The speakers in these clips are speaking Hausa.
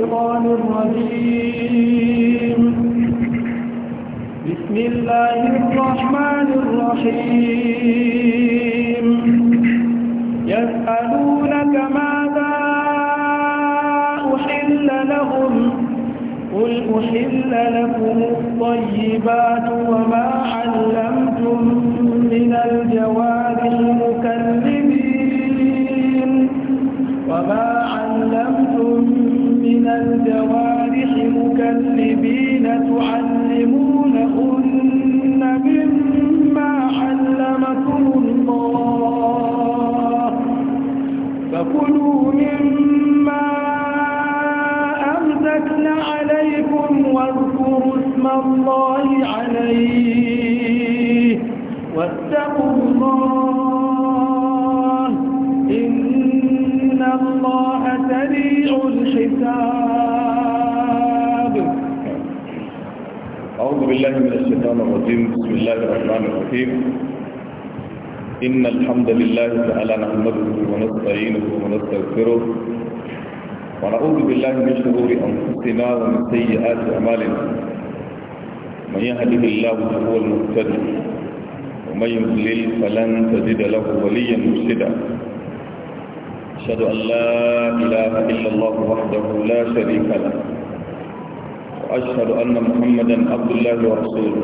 الشيطان الرجيم بسم الله الرحمن الرحيم يسألونك ماذا أحل لهم قل أحل لكم الطيبات وما علمتم من الجوارح المكذبين وما علمتم الجوارح مكلبين تعلمونهن مما علمكم الله فكلوا مما أمسكن عليكم واذكروا اسم الله بالله من الشيطان الرجيم بسم الله الرحمن الرحيم إن الحمد لله تعالى نحمده ونستعينه ونستغفره ونعوذ بالله من شرور أنفسنا ومن سيئات أعمالنا من يهده الله فهو المهتد ومن يضلل فلن تجد له وليا مرشدا أشهد أن لا إله إلا الله وحده لا شريك له وأشهد أن محمدا عبد الله ورسوله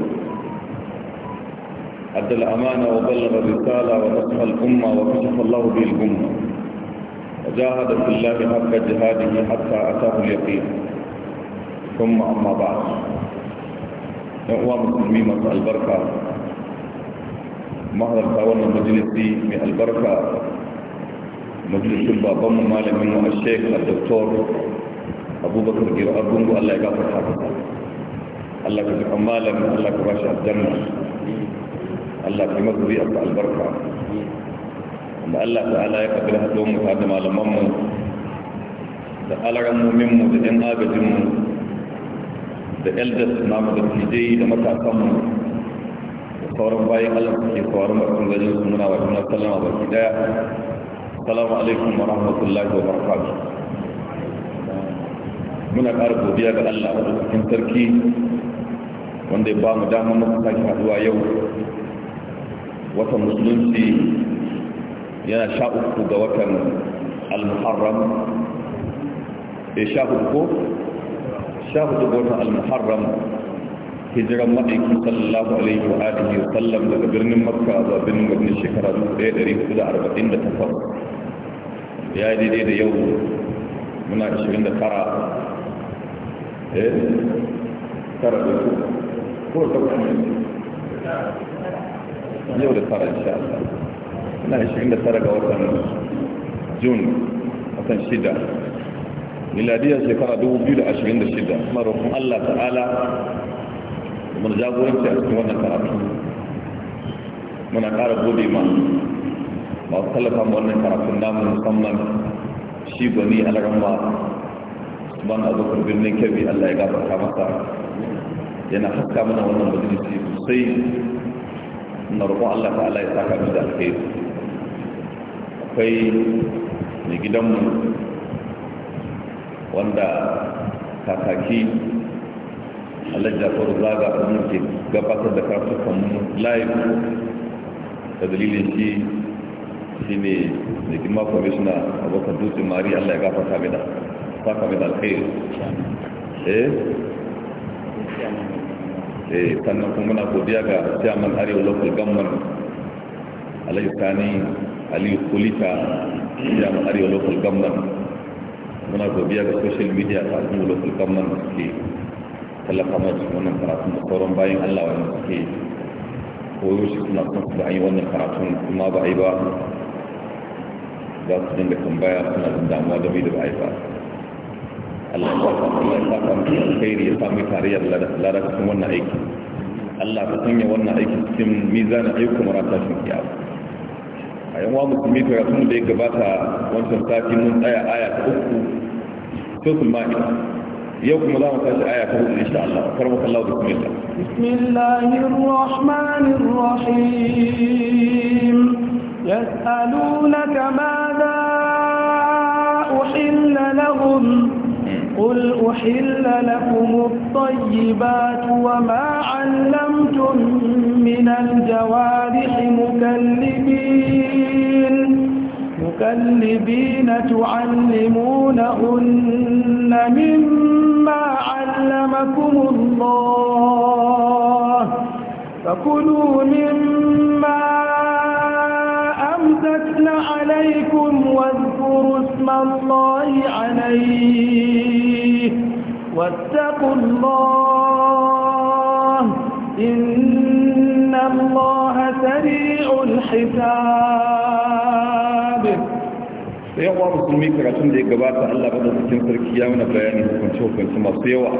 أدى الأمانة وبلغ الرسالة ونصح الأمة وكشف الله به الأمة وجاهد في الله حق جهاده حتى أتاه اليقين ثم أما بعد يقوى مسلمين البركة مهر التعاون دي من البركة مجلس البابا مالك منه الشيخ الدكتور abubakar gero abungu allah ya gafarta masa allah ka jikan malam allah ka bashi aljanna allah ka masu zuri'a ta albarka da allah ta'ala ya kaddara haɗuwar mu da malaman mu da alaran mumin mu da yan agajin mu da elders namu da tijai da matasan mu da sauran bayan allah ke sauran barkan gajin su muna wa juna sallama baki daya assalamu alaikum wa rahmatullahi wa barakatuh muna ƙara godiya ga Allah a cikin sarki wanda ya ba mu dama muka sake haɗuwa yau watan musulunci yana sha uku ga watan al-muharram ya eh, sha hudu ko sha hudu ga watan al-muharram hijiran maɗaiki sallallahu alaihi wa alihi wa sallam daga birnin makka zuwa birnin madina shekara 1448 ya yi daidai da yau muna 29 eh tara da ku ko takwas ne yau da tara insha Allah ina da shirin 29 ga watan Jun watan shida miladiyar shekara 2026 kuma roƙon Allah ta'ala mun jagoranci a cikin wannan karatu muna ƙara gode ma masu tallafa wannan karatun namun musamman shi gwani alarma usman abubakar birnin kebbi allah ya gabata masa yana haska mana wannan majalisi sosai na roƙon allah Ala ya saka mu da alkhairi akwai mai gidanmu wanda kakaki alhaji jafaru zaga abin ke gabatar da karfukan live da dalilin shi shi ne mai girma kwamishina abokan dutse mari allah ya gafarta mai da saka mai alkhair eh eh sannan kuma muna godiya ga chairman Arewa local government Alhaji Sani Ali Kulita ari Arewa local government muna godiya ga social media ta Arewa local government da suke tallafa mana cikin wannan karatun da sauran bayan Allah wanda suke ko shi suna son su da an yi wannan karatun kuma ba a yi ba za su dinga tambaya suna damuwa da bai da ba a yi ba Allah ya saka Allah ya saka mu alkhairi ya sami tarayyar lada cikin wannan aiki Allah ka sanya wannan aiki cikin mizanin ayyukan rata shi kiyama a yan wa musulmi karatun da ya gabata wancan sati mun tsaya aya ta uku sosul ma'i yau kuma za mu tashi aya ta hudu insha Allah karmu kallahu bismillah bismillahir rahmanir rahim yas'alunaka madha أحل لهم قل أحل لكم الطيبات وما علمتم من الجوارح مكلبين مكلبين تعلمونهن مما علمكم الله فكلوا مما أمسكن عليكم واذكروا اسم الله عليه واتقوا الله إن الله سريع الحساب da yawa musulmi karatun da ya gabata Allah ba da cikin sarki ya mana bayani hukunci hukunci masu yawa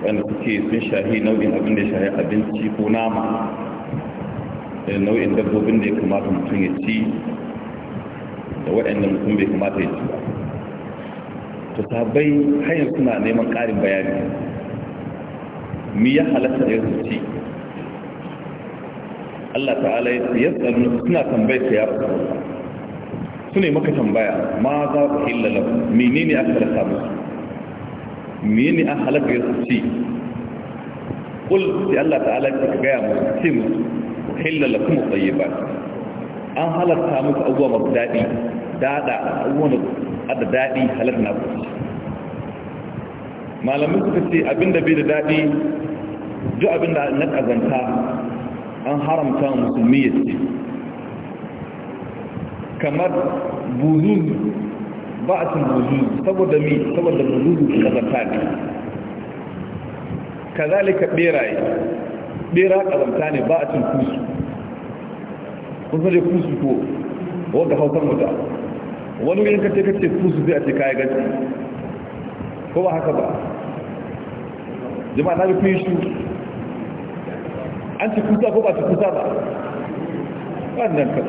wanda suke sun shahi nau'in abin da ya shahi abinci ko nama da nau'in dabbobin da ya kamata mutum ya ci da waɗannan mutum bai kamata ya ci ba to sabai hanyar suna neman ƙarin bayani mi ya halatta ya zuci Allah ta'ala ya ce yasalu suna tambayar ta ya rasu su ne maka tambaya ma za ku illa lahu menene aka halatta musu menene aka halatta ya zuci kul sai Allah ta'ala ya gaya musu ce musu hilla lakum tayyibat an halatta musu abubuwa masu daɗi dada abubuwan da da daɗi halar na kusa malamin suka ce abinda bai da daɗi duk abinda na ƙazanta an haramta musulmi ya ce kamar buzuzu ba a cin buzuzu saboda mi saboda buzuzu ƙazanta ne kazalika ɓeraye ɓera ƙazanta ne ba a cin kusu kun sanje kusu ko wadda hausar mutane wani wurin kace kace ce su zai a ce kayi gaji, ko ba haka ba jama'a na bi fi shi an ci kusa ko ba ci kusa ba wannan ka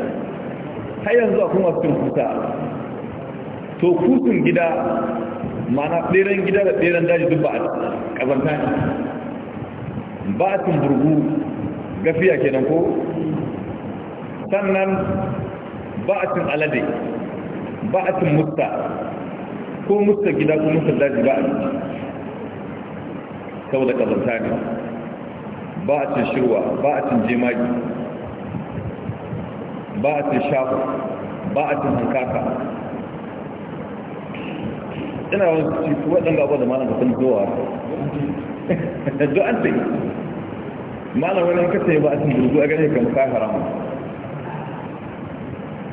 har yanzu a kuma cikin kusa to kusun gida mana ɗeren gida da ɗeren daji duk ba a ƙazanta ne ba a burgu gafiya kenan ko sannan ba a cin alade Ba a cin mutta ko mutta gida ko mutta daji ba a saboda kazanta ne Ba a cin shirwa ba a cin jemagi ba'atun shafa cin hankaka ina wani cikin waɗanda ga da malam kasan zuwa da an ce malam wani kasa ya ba'atun burgu a gane kamar kai haramun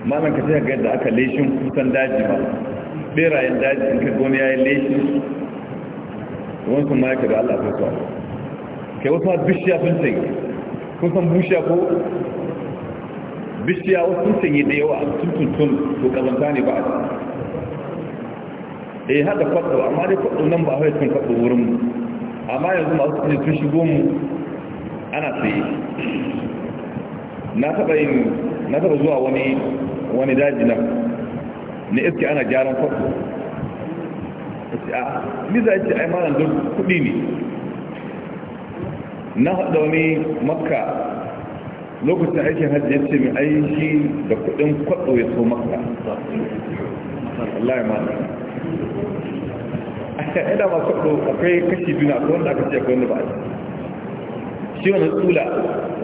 malam ka sai ga yadda aka leshin kusan daji ba berayen daji in ka goni ya yi leshin wani kuma ya kada allah sai kai wasu bishiya sun sai kusan bushiya ko bishiya wasu sun sanyi da yawa a tuntun to kazanta ne ba a ciki. eh hada kwaɗo amma dai kwaɗo nan ba a haifin kwaɗo wurin mu amma yanzu masu kuje sun shigo mu ana tsaye na taɓa yin na taɓa zuwa wani wani daji nan na iske ana gyaran kwato ah, a niza ce a malam don kudi ne na haɗa wani makka lokacin aikin hajji ya ce mai aiki da kudin kwaɗo ya so makka Allah ya mana a ina masu kwaɗo akwai kashi biyu na akwai wanda aka ce akwai wanda ba a shi wani tsula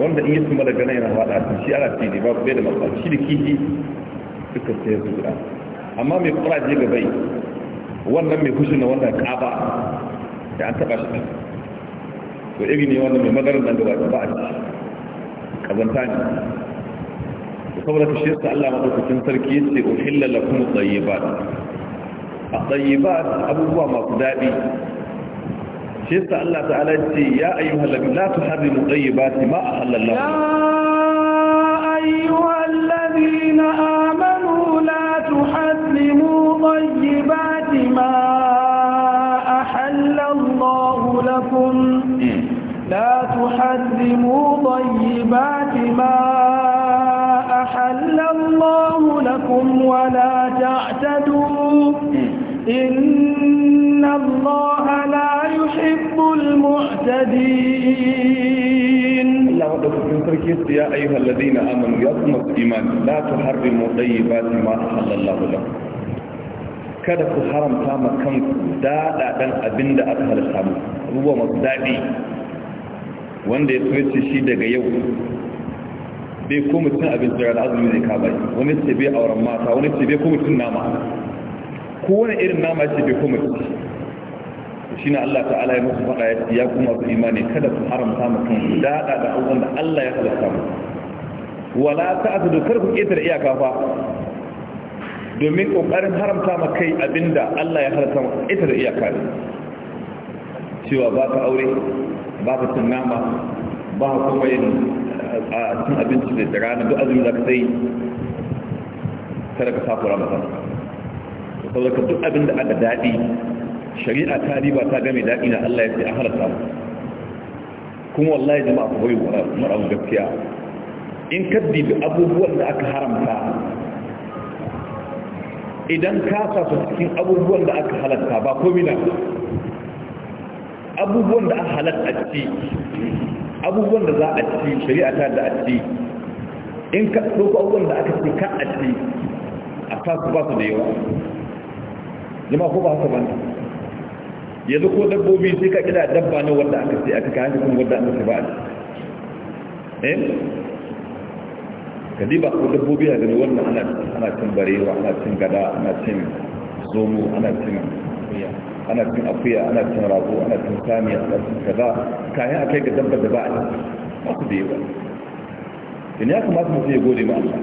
wanda in yi su mara gana yana faɗa a shi ana fi ba bai da matsala shi da kifi duka sai su guda amma mai kuraje ga bai wannan mai fushi na wannan ƙaba da an taɓa shi to iri ne wannan mai madarar nan gaba ba a ci kazanta ne da saboda ta shi Allah maɗaukakin sarki ya ce kuma tsaye tsayibat a tsaye ba abubuwa masu daɗi shi yasa Allah ta'ala ce ya ayyuhal ladina la tuharrimu tayyibati ma ahallallahu ya ayyuhal ladina amanu la tuharrimu tayyibati ma ahallallahu lakum la tuharrimu tayyibati ma ahallallahu lakum wa la ta'tadu إن مهتدين الله أدفكم تركيز يا أيها الذين آمنوا يا أمة الإيمان لا تحرموا طيبات ما أحل الله لكم kada ku haramta ma kanku daɗaɗen abin da aka halitta mu abubuwa masu daɗi wanda ya soyace shi daga yau bai ko mutum abinci da azumi zai kaba bai wani ce bai auren mata wani ce bai ko mutum nama ko wani irin nama ce bai ko mutum shine Allah ta'ala ya musu faɗa ya kuma su imani kada su haramta mutum daɗa da abubuwan da Allah ya halatta mu wala ta'budu kar ku ketare iyaka fa domin ƙoƙarin haramta ma kai abinda Allah ya halatta mu ketare iyaka ne cewa ba ka aure ba ka cin nama ba ka kuma yin a cin abinci da rana duk azumi za ka sai kada ka safura masa saboda ka duk abinda aka daɗi shari'a ta riba ta game daɗi na Allah ya ce a harasa kuma wallahi jama'a ku bari mara'un gaskiya in kaddi da abubuwan da aka haramta idan ka sa su cikin abubuwan da aka halatta ba komi na abubuwan da aka halatta ci abubuwan da za a ci shari'a ta da a ci in ka ɗauka abubuwan da aka ce kan a ci a sa su ba su da yawa jama'a ko ba haka ba ne yanzu ko dabbobi sai ka kira dabba ne wanda aka ce aka kai kuma wanda aka ce ba a eh kadi ba ko dabbobi ya gani wannan ana ana cin barewa ana cin gada ana cin zomo ana cin ana cin akuya ana cin rago ana cin sami ana cin kaza kayan kai ga dabba da ba a ba su da yawa ina ya kamata mutum ya gode ma Allah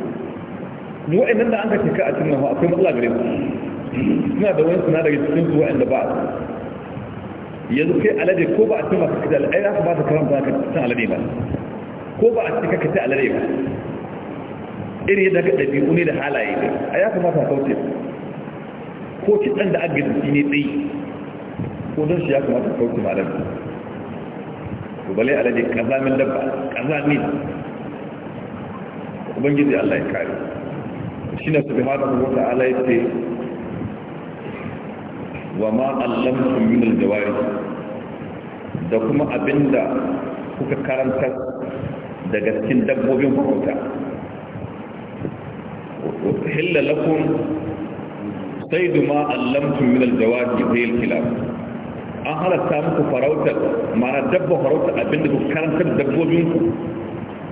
ni wa'annan da an ka ce ka a cin nan akwai matsala gare su suna da wani suna daga cikin su wa'anda ba a yanzu kai alade ko ba a ce masu kaji alade ya su ba ta karanta ka san alade ba ko ba a ce ka kaji alade ba irin yadda ka ɗabi'u ne da halaye ne a ya kamata ka kauce ko kitsan da aka jiki ne tsayi ko don shi ya kamata ka kauce alade to bale alade kazamin dabba kazami ubangiji Allah ya kare shi ne subhanahu wa ta'ala yake wa ma allamtum min aljawari da kuma abinda kuka karanta daga cikin dabbobin farauta hilla lakum saidu ma allamtum min aljawari zayil kilab an halatta muku farauta mana dabba farauta abinda kuka karanta dabbobin ku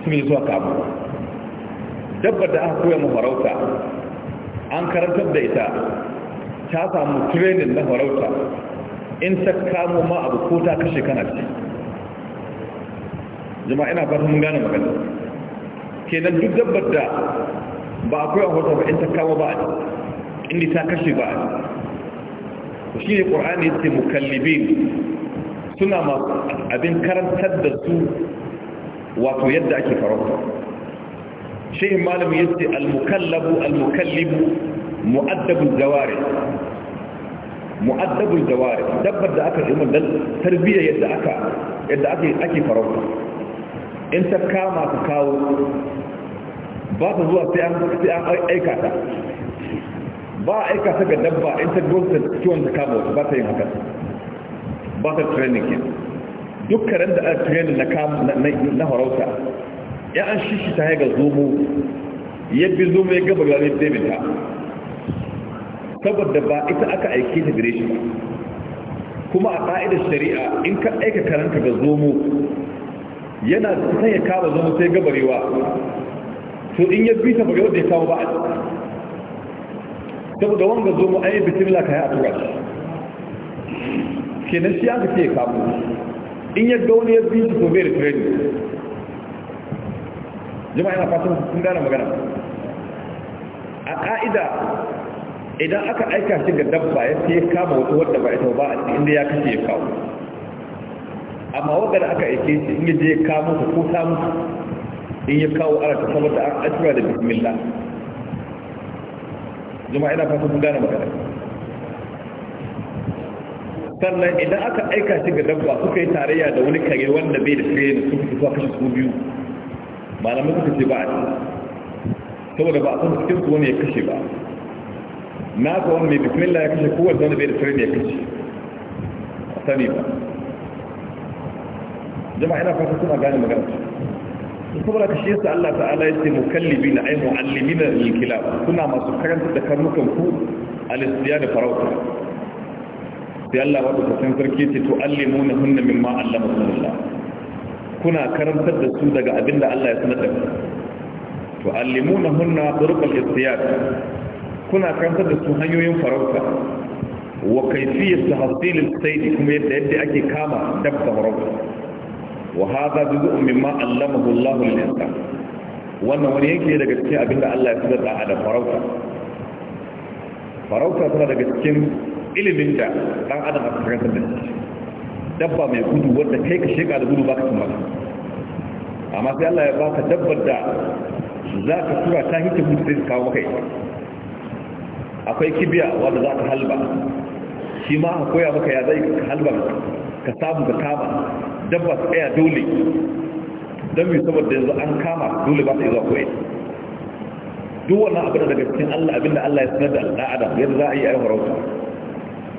sun yi zuwa kabu dabba da aka koya mu farauta an karantar da ita ta samu training na farauta in ta kamo ma abu ko ta kashe kana ce jama'a ina fata mun gane magana kenan duk dabbar da ba akwai a hoto ba in ta kamo ba a inda ta kashe ba a shi ne ƙorani ce mukallibin suna masu abin karantar da su wato yadda ake farauta shehin malami ya ce almukallabu almukallibu mu'addabul jawari mu'addabul jawari dabbar da aka ilmin dan tarbiyya yadda aka yadda ake ake farauta in ta kama ka kawo ba ta zuwa sai an sai an aika ta ba aika ta ga dabba in ta gwamnati ta ciwon ta kama ba ta yin haka ba ta training yin duk da aka training na kama na farauta ya an shishi ta haiga zumu ya bi zumu ya gaba gari david ta saboda ba ita aka aike ta gare shi kuma a ƙa'idar shari'a in ka aika karanta ga zomo yana ta ya kama zomo sai gabarewa to in ya bi ta bari da ya kama ba a saboda wanga zomo an yi bisimila ka yi a tura Ke kenan shi aka ce ya kama. in ya ga wani ya bi su kome da training jima'a yana fasa sun gane magana a ƙa'ida idan aka aika shi ga dabba ya fiye kama wata wadda ba ita ba inda ya kashe ya kawo amma wadda da aka aike shi inda je ya kama su ko samu in ya kawo ala ta saboda an asura da bismillah Zuma ina fasa kun gane magana sannan idan aka aika shi ga dabba suka yi tarayya da wani kare wanda bai da kare da su fito kashe su biyu malamai suka ce ba a saboda ba a san cikin su wani ya kashe ba na ka wani mai bismillah ya kashe kowace wani bai da sirri ya kashe a sani ba jama'a ina fata suna gane magana su saboda ka shi su Allah ta'ala ya ce yace mukallibi na ai muallimina lil kilab suna masu karanta da karnukan ku a alistiya da farauta sai Allah wa ta san sarki ce to na hunna min ma Allah kuna karantar da su daga abinda Allah ya sanar da ku to allimuna hunna turqal istiyad kuna karantar da su hanyoyin farauta wa kaifiyar tahsilil sayd kuma yadda yadda ake kama dabba farauta wa hadha juz'un mimma allamahu Allah lil insan wannan wani yake daga cikin abinda Allah ya tsara da adam farauta farauta tana daga cikin ilimin da dan adam aka karantar da dabba mai gudu wanda kai ka sheka da gudu baka tuma amma sai Allah ya baka dabbar da za ka tura ta hike mutu sai ka kawo maka akwai kibiya wanda za ka halba shi ma ka koya maka ya zai ka halba ka samu ka kama dabba su tsaya dole don mai saboda yanzu an kama dole ba su yi zuwa koyi duk wannan abin da daga cikin Allah abinda Allah ya sanar da ɗan adam yadda za a yi a ayi farauta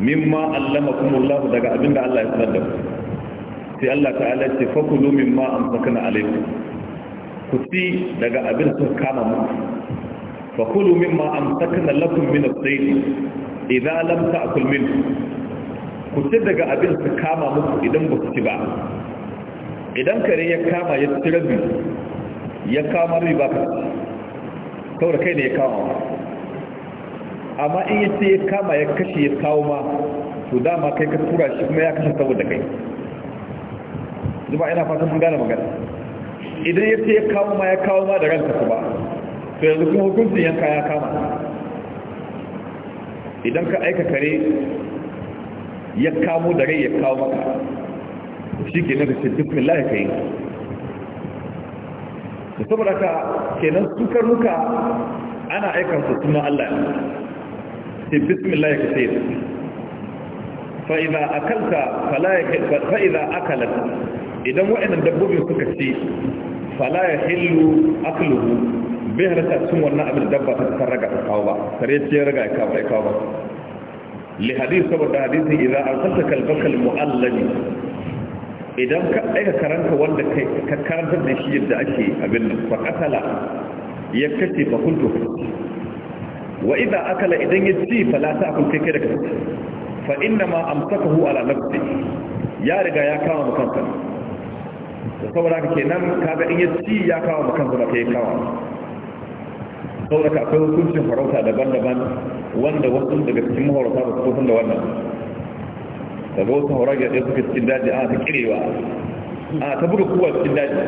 mimma allama kuma Allah daga abinda Allah ya sanar da ku sai Allah ta'ala ce fakulu mimma amsakana alaikum ku ci daga abin da suka kama muku فكلوا مما أمسكنا لكم من الصيد إذا لم تأكل منه كتدق أبين سكاما مكو إذن بكتبا إذن كري يكاما يتربي يكاما ربك كورا كين يكاما أما إن يتي يكاما يكشي يكاوما فداما كي تورا شكما يكشي سوى دكي زبا إنا فاتح مغانا مغانا idan ya ce يكاوما kawo ma ya to yanzu kuma hukuncin yanka ya kama idan ka aika kare ya kamo da rai ya kawo maka shi ke nan da ce bismillah ka yi da saboda ka kenan su karnuka ana aikan su sunan Allah sai bismillah ka sai fa idza akalta fala yakil fa idza idan waɗannan dabbobin suka ci fala yahillu akluhu bai halatta sun wannan abin da dabba ta raga ta kawo ba sare ce raga ya kawo ya kawo ba li hadith saboda hadisi idan an arsalta kalbakal mu'allami idan ka aika karanta wanda kai ka karanta da shi yadda ake abin nan fa katala ya kace fa kuntu wa idan akala idan ya ci fa la ta'kul kai kai da kai fa inna ma amsakahu ala nafsi ya riga ya kama kansa da saboda haka kenan kaga in ya ci ya kawo kansa ba kai kawo saboda akwai hukuncin farauta daban-daban wanda wasu daga cikin mahaurata ba su da wannan daga wasu hauragiya ɗaya suke cikin daji ana ta kirewa a ta buga kuwa cikin daji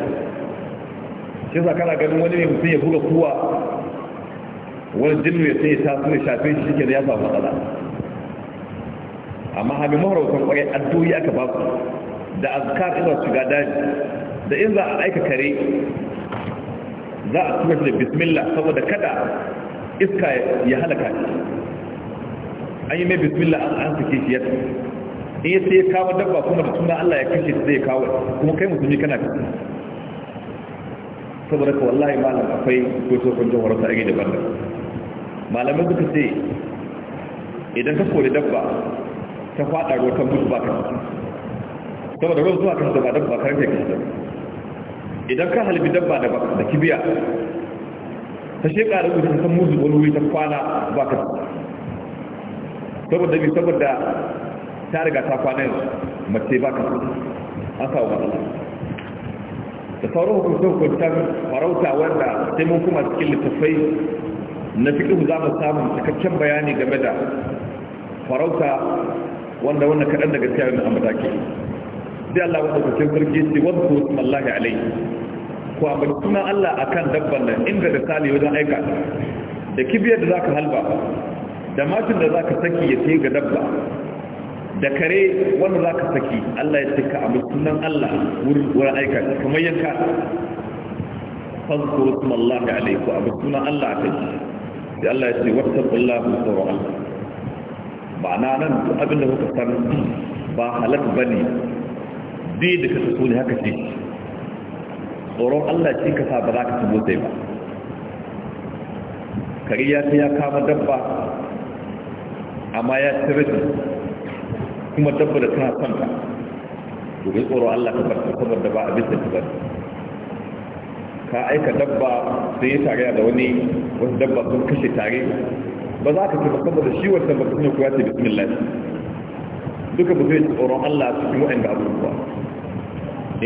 shi sa kana ganin wani ne mutum ya buga kuwa wani jinnu ya sai ta suna shafe shi ke da ya samu matsala amma hami mahaurautan kwaye addu'o'i aka ba da azkar ina shiga daji da in za a aika kare za a tura da bismillah saboda kada iska ya halaka an yi mai bismillah an suke shi yadda in ya sai ya kawo dabba kuma da suna Allah ya kashe su zai kawo kuma kai musulmi kana fita saboda ka wallahi malam akwai akwai tsofin jan ta ake daban malamai suka ce idan ka kori dabba ta faɗa ruwa ta mutu ba ka saboda ruwan zuwa kan dabba dabba karfe ka shi idan ka halibi dabba da kibiya ta sheka da kusa san musu wani wuri ta kwana ba ka saboda bi saboda ta riga ta kwana yanzu mace ba ka an kawo matsala da sauran sun kwantar farauta wanda sai mun kuma cikin littattafai na fiƙihu za mu samu cikakken bayani game da farauta wanda wannan kaɗan daga siya mai ambata ke sai Allah wanda kuke sarki ce wadda Allah alai ko a dabban nan inda da sali wajen aika da kibiyar da halba da matin da saki ya ce ga dabba da kare wanda saki Allah ya ce ka a Allah wurin wurin aika kamar yanka fazkuru sunan Allah alai ko a sai Allah ya ce nan da san ba halak bane zai da kasa so ne haka ce tsoron Allah ce ka sa ba za ka tubo sai ba kare ya ta ya kama dabba amma ya ci rabi kuma dabba da tana son ka to tsoron Allah ka bar da ba a bisa ka bar ka aika dabba sai ya tare da wani wasu dabba sun kashe tare ba za ka ce ba da shi wancan ba sun yi kuwa ce bismillah duka ba zai tsoron Allah su wa'in da abubuwa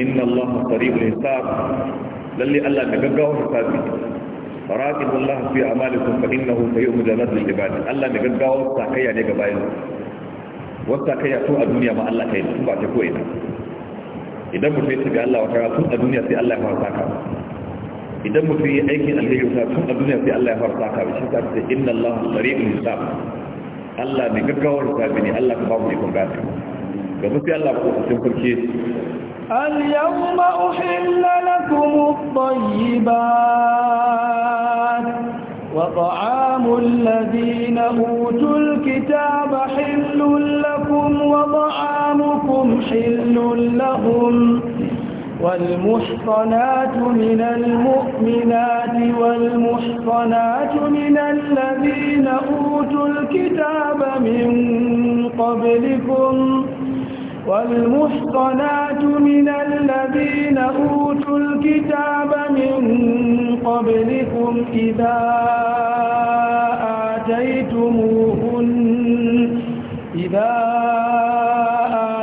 إن الله قريب الحساب للي ألا نقرقه الحساب فراتب الله في أعمالكم فإنه سيؤم جلد للعباد ألا نقرقه الساقية عليك بايز والساقية الدنيا ما الله كيد تو بعد كوينة إذا مجلس قال الله وتعالى تو الدنيا في الله يحفر إذا مجلس أيك أن هي يحفر تو الدنيا في الله يحفر ساقا بشكل إن الله قريب الحساب الله نقرقه الحساب الله كبابه يكون قاتل ga musu Allah ko اليوم أحل لكم الطيبات وطعام الذين أوتوا الكتاب حل لكم وطعامكم حل لهم والمحصنات من المؤمنات والمحصنات من الذين أوتوا الكتاب من قبلكم والمحصنات من الذين أوتوا الكتاب من قبلكم إذا آتيتموهن إذا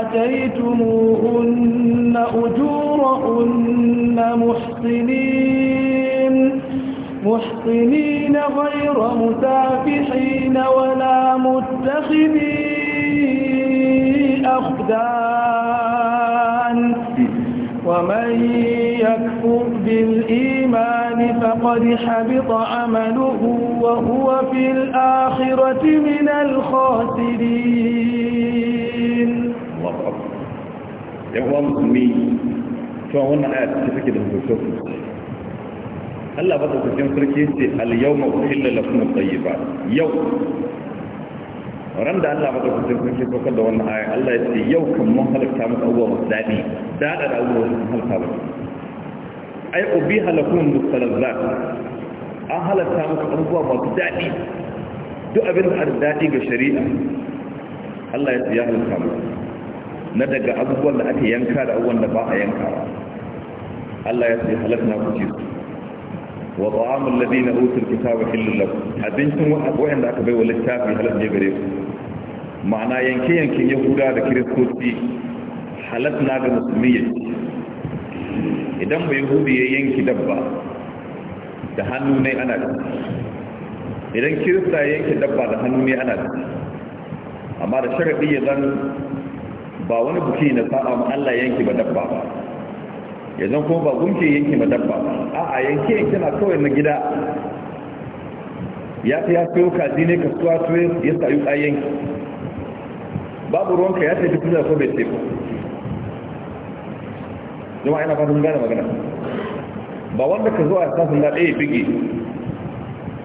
آتيتموهن أجورهن محصنين محصنين غير مسافحين ولا متخذين الأخدان ومن يكفر بالإيمان فقد حبط عمله وهو في الآخرة من الخاسرين الله أكبر يا مسلمين cewa wannan aya ta take da hukunci Allah ba ta cikin sarki ce al yawma uhilla lakum at-tayyibat yau ran da Allah maka kusa kun shi kokar da wannan aya Allah ya ce yau kan mun halarta muku abubuwa masu daɗi daɗa da abubuwa masu halarta ba ai ubi halakun mustalazzat an halarta muku abubuwa masu daɗi duk abin da da daɗi ga shari'a Allah ya ce ya halarta muku na daga abubuwan da aka yanka da abubuwan da ba a yanka Allah ya ce halarta ku ci su wa ta'amul ladina utul kitaba hillul lakum abincin wa'anda aka bai wa littafi halal ne gare ku ma'ana yanke yankin yahuda da kiristoci halal na ga musulmi ya idan ba yahudi ya yanki dabba da hannu ne ana da. idan kirista ya yanki dabba da hannu ne ana da. amma da sharaɗi ya zan ba wani buki na sa'a ma Allah yanki ba dabba ba ya zan kuma ba gumke yanke ba dabba a a yanke yanke na kawai na gida ya fi ya sayo zine ka kasuwa to ya sayu kayan babu ruwanka ya tafi kusa ko bai teku Zuma ina fatan gane magana ba wanda ka zuwa sasun na ɗaya bige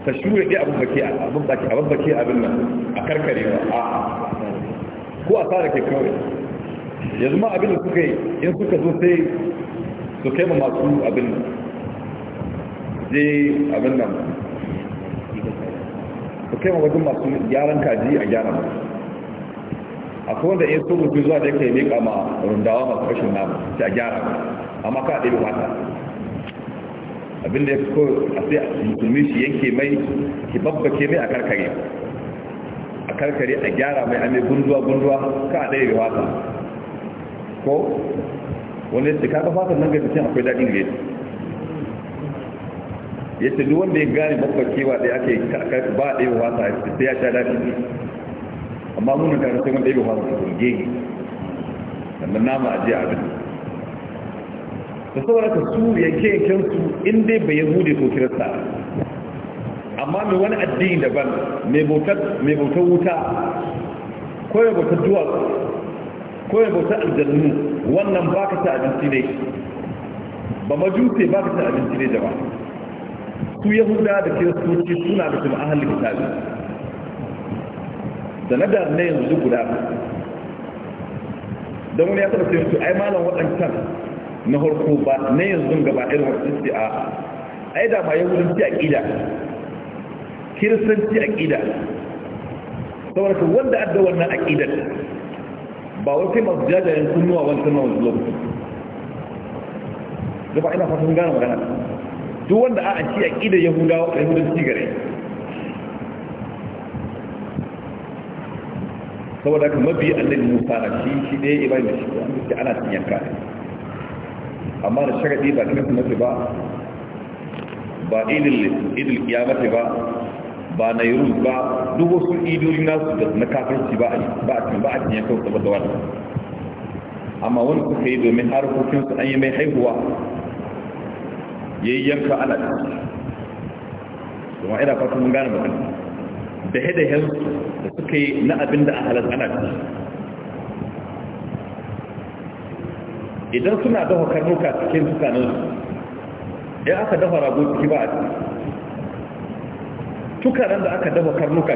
ta shuru ya abin baki abin baki abin baki abin nan a karkare ba a ko a tsara ke kawai yanzu ma abin da suka yi in suka zo sai su kai ma masu abin nan je abin nan su kai ma wajen masu gyaran kaji a gyara masu kuma wanda in so mutu zuwa da yake leƙa ma rundawa masu kashin nama ta gyara amma ka ɗaya mata abinda ya fito a sai musulmi shi yanke mai ki ke mai a karkare a karkare a gyara mai ame gunduwa gunduwa ka a ɗaya mata ko wani ya ce kafa fatan nan ga cikin akwai daɗin gari ya ce duk wanda ya gane babbar kewa da ake ba ɗaya wa wata sai ya sha daɗi amma munin kan sai wanda ya wa wata gunge sannan nama a jiya abin da sauraka su yanke ke su in dai bai da ko kirista amma mai wani addini daban mai bautar wuta ko ya bautar duwatsu ko ya bauta aljannu wannan ba ka ta abinci ne ba majuse ba ka ta abinci ne jama'a su yahuda da kiristoci suna da kuma ahalin kitabi da na da na yanzu guda don wani ya taɓa sai su ai malam waɗancan na harko ba na yanzu gaba irin wasu ce a ai da ma yahudanci a ƙida kiristanci a ƙida saboda wanda adda wannan a ƙidan. ba wai kai masu jajayen kunnuwa wani na wani lokaci da ba ina fatan gane magana duk wanda a ci a ƙida yahudawa a yahudanci gare saboda ka mafi annabi musa na shi shi ɗaya ya bai da shi an a ana cin yanka amma da shagadi ba ta mafi ba ba idil idil kiyamata ba ba na yi ba duk wasu idoli nasu da na kafirci ba a cikin ba a cikin kawai saboda wata. amma wani suka yi domin harkokinsu an yi mai haihuwa ya yi yanka ana da kuma ina fata mun gane magana da hadayen da suka yi na abin da a halar ana da idan suna dafa karnuka cikin su, ya aka dafa rago ciki ba a ciki tukaran da aka dafa karnuka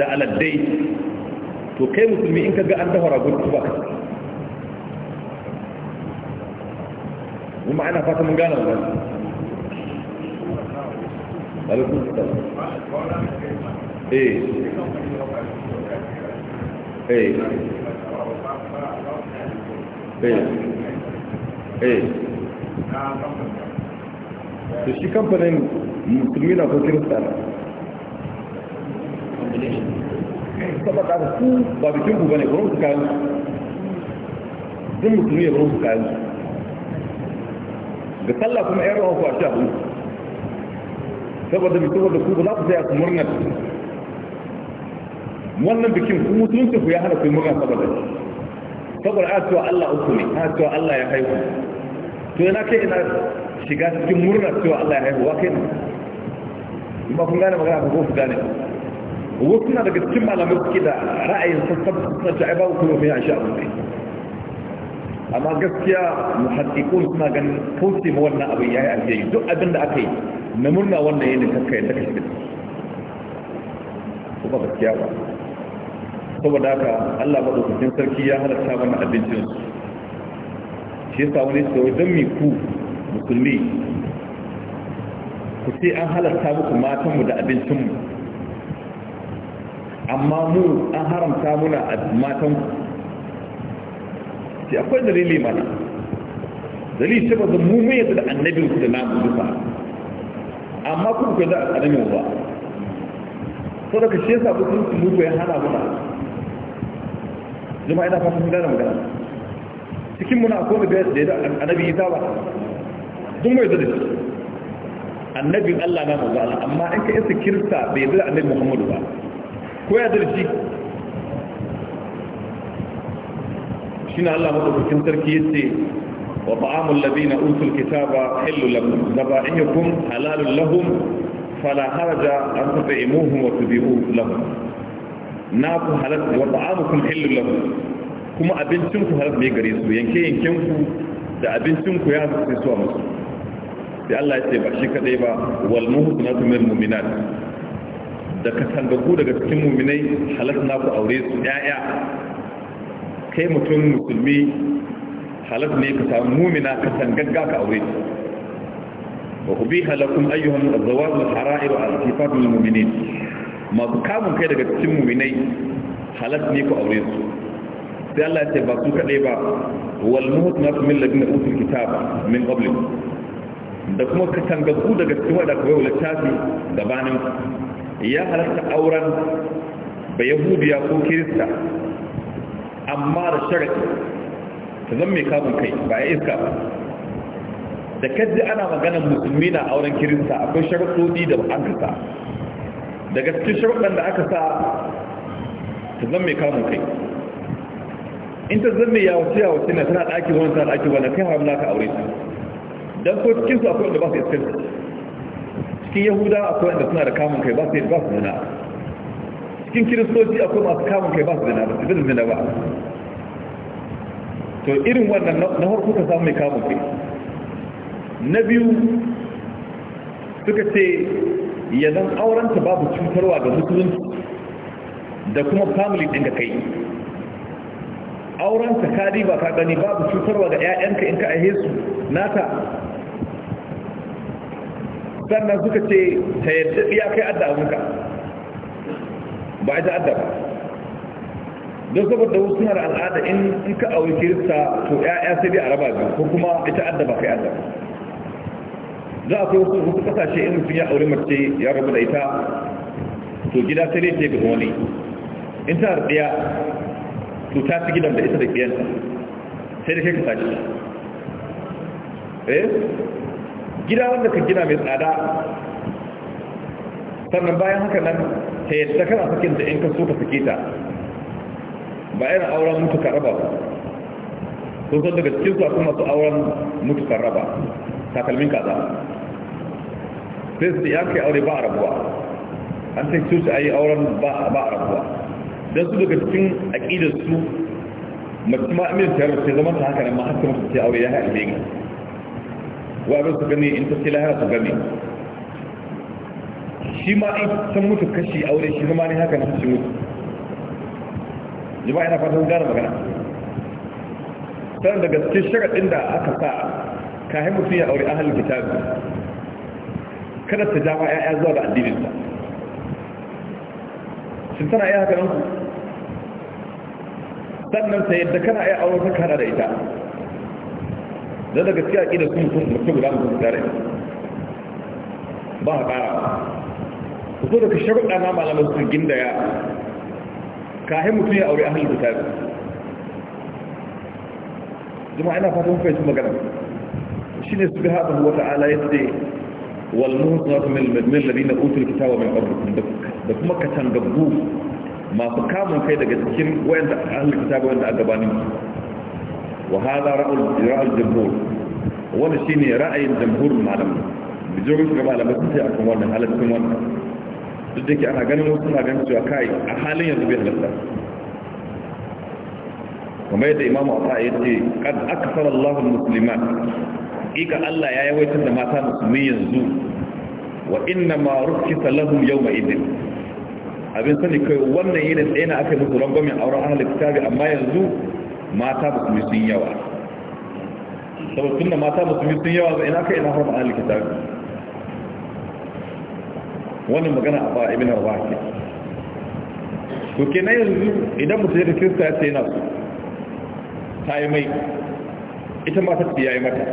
da aladdai to kai musulmi in ka ga an dafa ragon tuba kuma ana fata mun gane wannan alaikum salam eh eh eh eh to shi kamfanin musulmi na ko kirista musulunci saboda haka ku ba bikin ku bane gurin su kayan duk musulmi ya gurin su kayan ga sallah kuma ƴan rawa ku a sha abin saboda mai saboda ku ba za ku tsaya ku murna wannan bikin ku musulunci ku ya hana ku murna saboda saboda a cewa Allah uku ne a cewa Allah ya haihu to yana kai ina shiga cikin murna cewa Allah ya haihu wa kai ne ba kun gane magana ba ko ku gane ba wasu na daga cikin malamai suke da ra'ayin sassan sha'i babu kuma mai a sha'abu ne amma gaskiya muhaddikun suna ganin kauce ma wannan abin ya yi alheri duk abin da aka yi na murna wannan yanin kakka yadda ka shiga ko ba gaskiya ba saboda haka Allah ba dokokin sarki ya halatta wannan abincin shi yasa wani yi don mi ku musulmi ku sai an halatta muku matanmu da abincinmu amma mu an haramta muna a matan ce akwai dalili mana dalili ce ba mu mu yadda da annabin ku da namu dufa amma kuma kai da a nan ba sau da ka shi yasa kusur su mu ya hana muna jama'a ina fasa gudana magana cikin muna akwai da yadda annabi ya ba dun mai yadda da shi annabin allah na mazu amma in ka isa kirista bai yadda da annabi muhammadu ba ko ya darshi shi na Allah maɗaukakin sarki ya ce wa ta'amul ladina utul kitaba hillu lakum zaba'ihukum halalun lahum fala haraja an tut'imuhum wa tudhi'u lahum naku halal wa ta'amukum hillu lahum kuma abincin ku halal mai gare su yanke yanken ku da abincin ku ya sai su a musu sai Allah ya ce ba shi kadai ba wal muhsinatu minal mu'minat da katangagu daga cikin muminai halatta na ku aure su ya'ya kai mutum musulmi halatta ne ka samu mumina katangagga ka aure su wa ku bi halakun ayyuhan azawajin hara'ir a sifatun muminin masu kamun kai daga cikin muminai halatta ne ku aure su sai Allah ya ce ba su kadai ba wal muhutnatu min ladina utul kitaba min qablikum da kuma katangagu daga cikin wadda kawai wula tafi gabanin ya halatta auren ba yahudiya ko kirista amma da sharaɗi ta zan mai kamun kai ba ya iska ba da kaji ana maganar musulmi na auren kirista akwai sharaɗoɗi da an kasa daga cikin sharaɗin da aka sa ta zan mai kamun kai in ta zan mai yawace yawace na tana ɗaki wani tana ɗaki wani kai haram na ka aure su don ko cikinsu akwai wanda ba su iskansu cikin yahuda akwai wanda suna da kamun kai ba su ba su zina cikin kiristoci akwai masu kamun kai ba su zina ba su zina zina ba to irin wannan na farko ka samu mai kamun kai na biyu suka ce ya zan aurenta babu cutarwa ga musulunci da kuma family ɗin ka kai aurenta kadi ba ka gani babu cutarwa ga 'ya'yanka in ka aihe su nata sannan suka ce ta yadda ya kai adda abinka ba ita adda ba don saboda wasu suna da al'ada in ka auri kirista to ya'ya sai dai a raba biyu ko kuma ita adda ba kai adda za a kai wasu wasu kasashe in mutum ya auri mace ya rabu da ita to gida sai dai ta ga wani in ta harbiya to ta fi gidan da ita da biyanta sai da kai ka eh gida wanda ka gina mai tsada sannan bayan haka nan ta yadda kana sakin da in ka so ka suke ta ba yana auren mutu ka raba sun san daga cikin a kuma su auren mutu ka raba takalmin kaza sai su ya kai aure ba a rabuwa an sai su a yi auren ba a rabuwa don su daga cikin aƙidarsu su mace ma da sai zama ta haka nan ma haka mutu ce aure ya haɗe ga wa'azin su gani in ta ce su gani? shi ma in san mutu kashi aure shi zama ne haka na shi mutu ba yana fatan gara magana sannan daga cikin sharaɗin da aka sa kayan mutum ya aure ahalin kitabu kada ta jama ya'ya zuwa da addininsa shi tana iya haka nan sannan sai yadda kana iya aure ta kana da ita don daga cikin aƙidar sun mutum mutum guda mutum tare ba a ƙara ku so daga sharuɗa na malamar su gindaya kahin mutum ya aure a halin kitabi jama'a ina fatan fahimci magana shi ne su bi haɗin wata ala ya ce والمهزرة من الذين utul الكتاب من قبلكم da kuma katangabbu masu kamun kai daga cikin wayanda ahlul kitab wayanda a gabanin su wa hada ra'ul jumhur wanda shine ra'ayin jumhur malam bijirin shiga malamai sun ce akan wannan halattun wannan duk da ana ganin wasu na ganin cewa kai a halin yanzu bai halatta kamar yadda imamu a ya ce kad aksar allahu musliman ika allah ya yawaitar da mata musulmi yanzu wa inna ma rukisa lahum yawma idin abin sani kai wannan yini na aka yi musu rangwamen auren ahalin amma yanzu mata musulmi sun yawa saboda tun da mata musulmi sun yawa zai ina kai ina harba ahalin kitabi wannan magana a ba'a ibn arba ke to yanzu idan musulmi da kirista ya ce yana su ta yi mai ita mata ta ya yi mata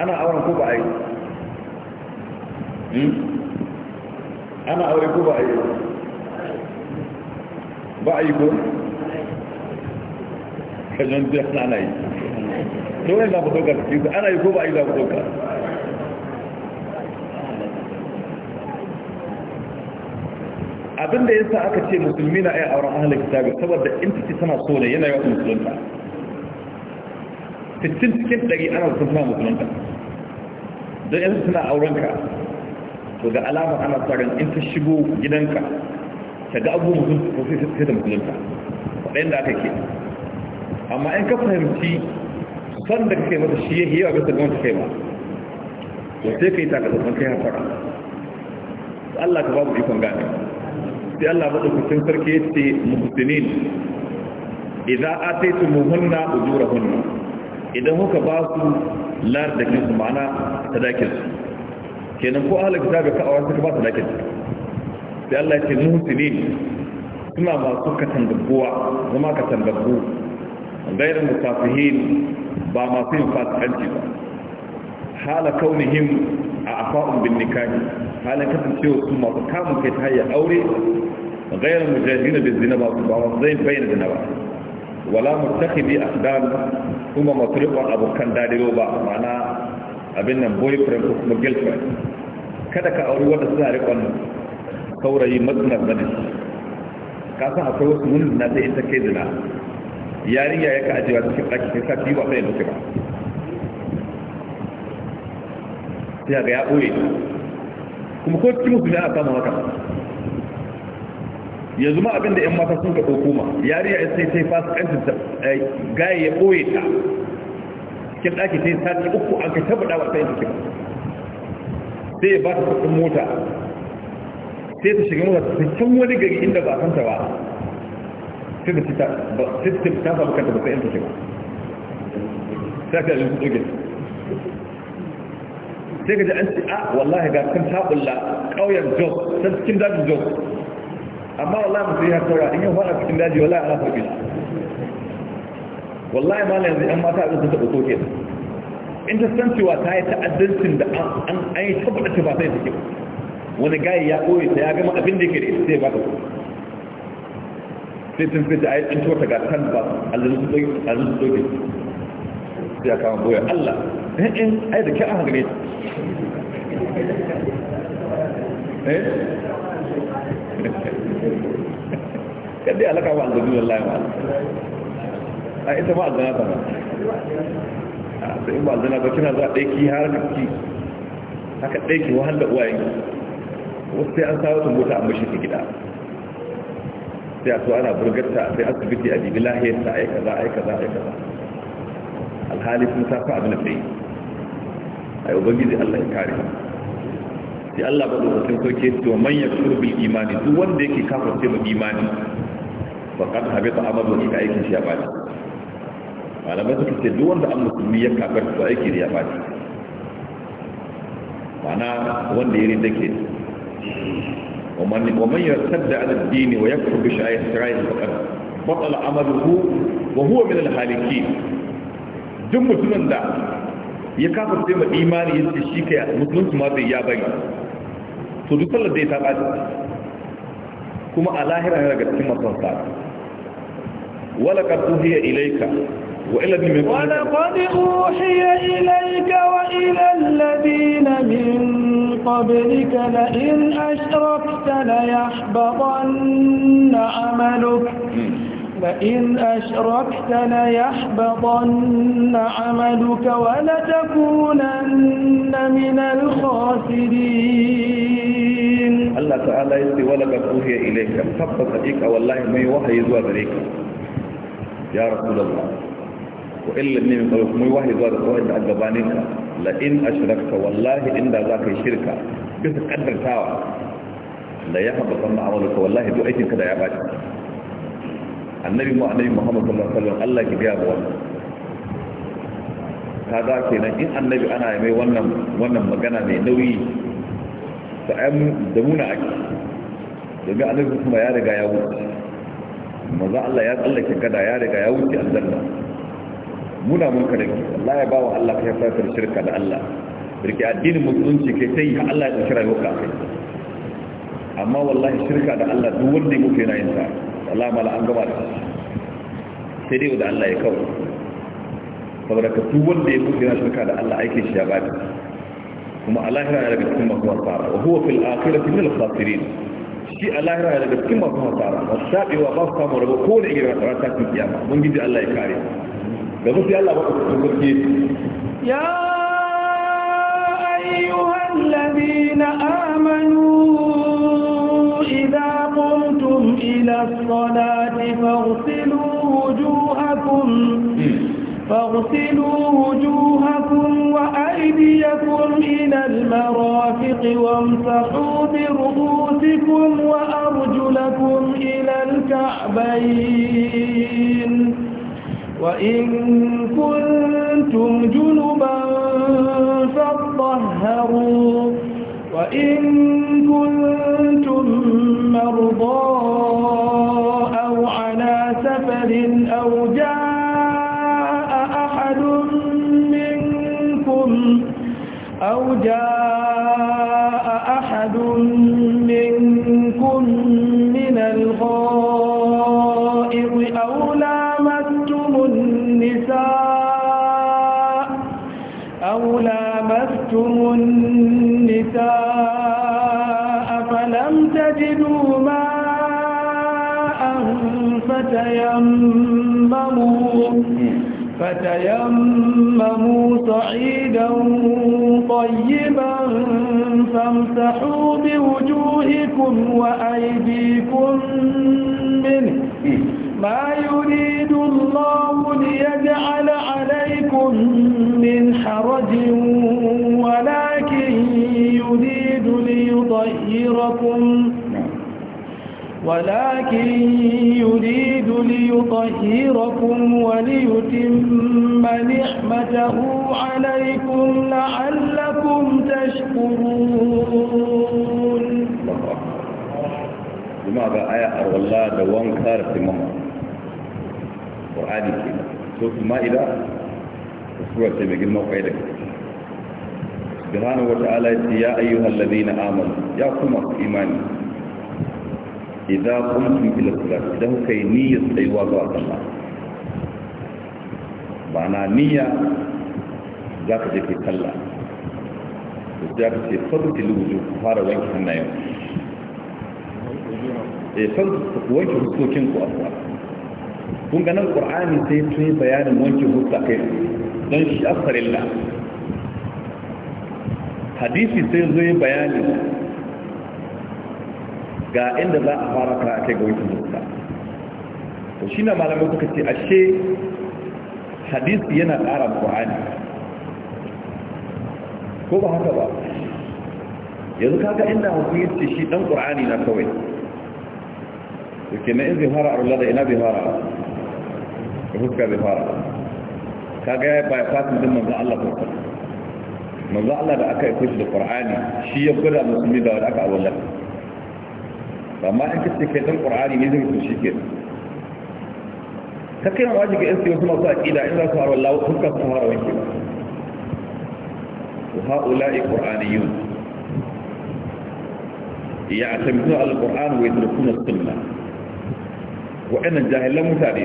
ana auren ko ba a yi hmm? ana aure ko ba a yi ba a yi ko kallon jiran ana yi to ne za ku ɗauka su ana yi ko ba a yi za ku ɗauka abinda yasa aka ce musulmi na iya auren ahalar kitabi saboda in take tana so ne yana yawan musulunta fitin cikin ɗari ana sun suna musulunta don yanzu suna aurenka to ga alamar ana tsarin in ta shigo gidanka ta ga abubuwan musulunta ko sai ta musulunta waɗanda aka ke amma in ka fahimci san da ke mata shi ya hiyar abin da wanda kai ma da sai ka yi takasar kai hafara Allah ka babu ikon gane sai Allah ba ɗaukacin sarki ya ce muhusinin idan a taitu muhunna ujura hunna idan kuka ba su lar da kinsu ma'ana sadakinsu kenan ko ahalar kitabe ka awar suka ba su su, sai Allah ya ce muhusinin suna masu katan katangagguwa zama katangaggu غير المتافهين باماتين فاسقنتي حال كونهم أعفاء بالنكاح حال كتنسيو ثم كام كتهي أوري غير المجاهدين بالزنبة والزين بين الزنبة ولا مرتخبي أخدام ثم مطلقا أبو كان دادي روبا معنى abin nan boyfriend ko kuma girlfriend kada ka auri wanda suna rikon saurayi matsunar da shi ka san akwai wasu mun na ta ita kai zina yarinya ya ka ajiyewa cikin ɗaki sai sa biyu ba sai ya ba sai ga ya ɓoye kuma ko cikin musulmi ana samun haka yanzu ma abinda yan mata sun ka hukuma ma yarinya ya sai sai fasa ƙancin ta eh, gaya ya ɓoye ta cikin ɗaki sai ci uku an ka tabbata ba sai ya ba sai ya ba ta kuɗin mota sai ta shiga mota ta can wani gari inda ba a san ta ba sai da fita ba ta kanta ba sai yanta sai ka sai ka ji an ce a ah, wallahi ga kan taɓulla ƙauyen jos ta cikin daji jos amma wallahi mutum har saura in yin fara cikin daji wallahi ana farbe wallahi ma na yanzu yan mata a taɓa soke in ta san cewa ta yi ta'addancin da an yi tabbata ba sai take wani gayi ya ɓoye ta ya gama abin da ke da ita sai ba ta kuma sai sun fita a yi tsinto ga kan ba allon su doge sai a kama boye allah ɗin eh, yi eh, da kyan hangare eh kadai alaka ba aljabi wallahi ma a ita ba aljana ta ba a sai ba aljana ba kina za ɗaiki har ki haka ɗaiki wahal da uwayen wasu sai an sa wata mota an mashi ta gida sai a to ana burgarta a sai asibiti a bibi lahiyarta a yi kaza a yi kaza a yi kaza alhali sun sa abin da fai a yi ubangiji allah ya kare sai allah ba zuwa sun soke su wa manyan turbin imani duk wanda yake kafa ce mu imani ba kan habe ta amma wani ka aikin shi ya bani malamai suka ce duk wanda an musulmi ya kafar su aiki da ya bani ma'ana wanda ya rinda ke ومن ومن يرتد عن الدين ويكفر بشعائر الشرائع فقد بطل عمله وهو من الهالكين duk mutumin da ya kafa sai ma imani ya ce shi kai musulunci ma zai ya bari to duk sallar ta kuma a lahira daga cikin masu wala ilaika وإلا من ولقد أوحي إليك وإلى الذين من قبلك لئن أشركت ليحبطن عملك لئن أشركت ليحبطن عملك ولتكونن من الخاسرين الله تعالى يقول ولقد أوحي إليك فقط إليك والله ما يوحي يزوى يا رسول الله wa illan ne mai kawai kuma wahayi zuwa da kawai da gabanin ka la in ashrakta wallahi inda za ka yi shirka bisa kaddartawa da ya haɓa san ma'amalarka wallahi duk aikinka da ya ɓaci annabi mu annabi muhammad sallallahu alaihi Allah ki gaya ba wannan kaga kenan in annabi ana mai wannan wannan magana mai nauyi ta ayyam da muna ake domin annabi kuma ya riga ya wuce maza Allah ya tsallake gada ya riga ya wuce aljanna muna munkarin Allah ya bawa Allah ka yafa fara shirka da Allah rike addinin musulunci kai sai ya Allah ya tsira yau ka kai amma wallahi shirka da Allah duk wanda yake yana yin ta Allah mala an gaba da sai dai da Allah ya kawo saboda ka duk wanda yake yana shirka da Allah aikin shi ya bata kuma Allah ya daga cikin masu hasara wa huwa fil akhirati min al-khasirin shi Allah ya daga cikin masu hasara wasabi wa ba su samu rabo ko da irin rata cikin kiyama mun gidi Allah ya kare يا أيها الذين آمنوا إذا قمتم إلى الصلاة فاغسلوا وجوهكم فاغسلوا وجوهكم وأيديكم إلى المرافق وامسحوا برؤوسكم وأرجلكم إلى الكعبين وإن كنتم جنبا فاطهروا وإن كنتم مرضى أو على سفر أو جاء أحد منكم أو جاء أحد منكم فتيمموا فتيمموا صعيدا طيبا فامسحوا بوجوهكم وأيديكم منه ما يريد الله ليجعل عليكم من حرج ولكن يريد ليطهركم ولكن يريد ليطهركم وليتم نعمته عليكم لعلكم تشكرون لماذا آية أرولا دوان كارت مما قرآن كيما ما المائدة سورة بيجي الموقع لك سبحانه وتعالى يا أيها الذين آمنوا يا كما إيماني idza kuntum ila salat idan kai niyyar tsayuwa zuwa sallah na niyya za ka je kai sallah to sai ka ce fadu tilu wuju ku fara wanke hannayen eh fadu ku wanke huskokin ku afwa kun ga nan qur'ani sai tun bayanin wanke huska kai don shi asarilla hadisi sai zo bayanin ga inda za a fara ka kai ga wancan zuciya to shi na malamai suka ce ashe hadisi yana ƙara ƙwa'ani ko ba haka ba yanzu kaga inda hausa ya ce shi ɗan ƙwa'ani na kawai da ke na in zai fara arula da ina zai fara da fuska zai fara kaga ya baya fatin din manzan Allah fuskar manzan Allah da aka yi kushi da ƙwa'ani shi ya gwada musulmi da wadda aka a wallafa amma in kace kai dan qur'ani ne zai tushi ke ka kai waje ga yansu wasu masu aqida in za su fara lawo sun ka su fara wanke wa haula'i qur'aniyun ya'tamiduna al-qur'an wa yatrukuna as-sunnah wa'annan jahilan mutane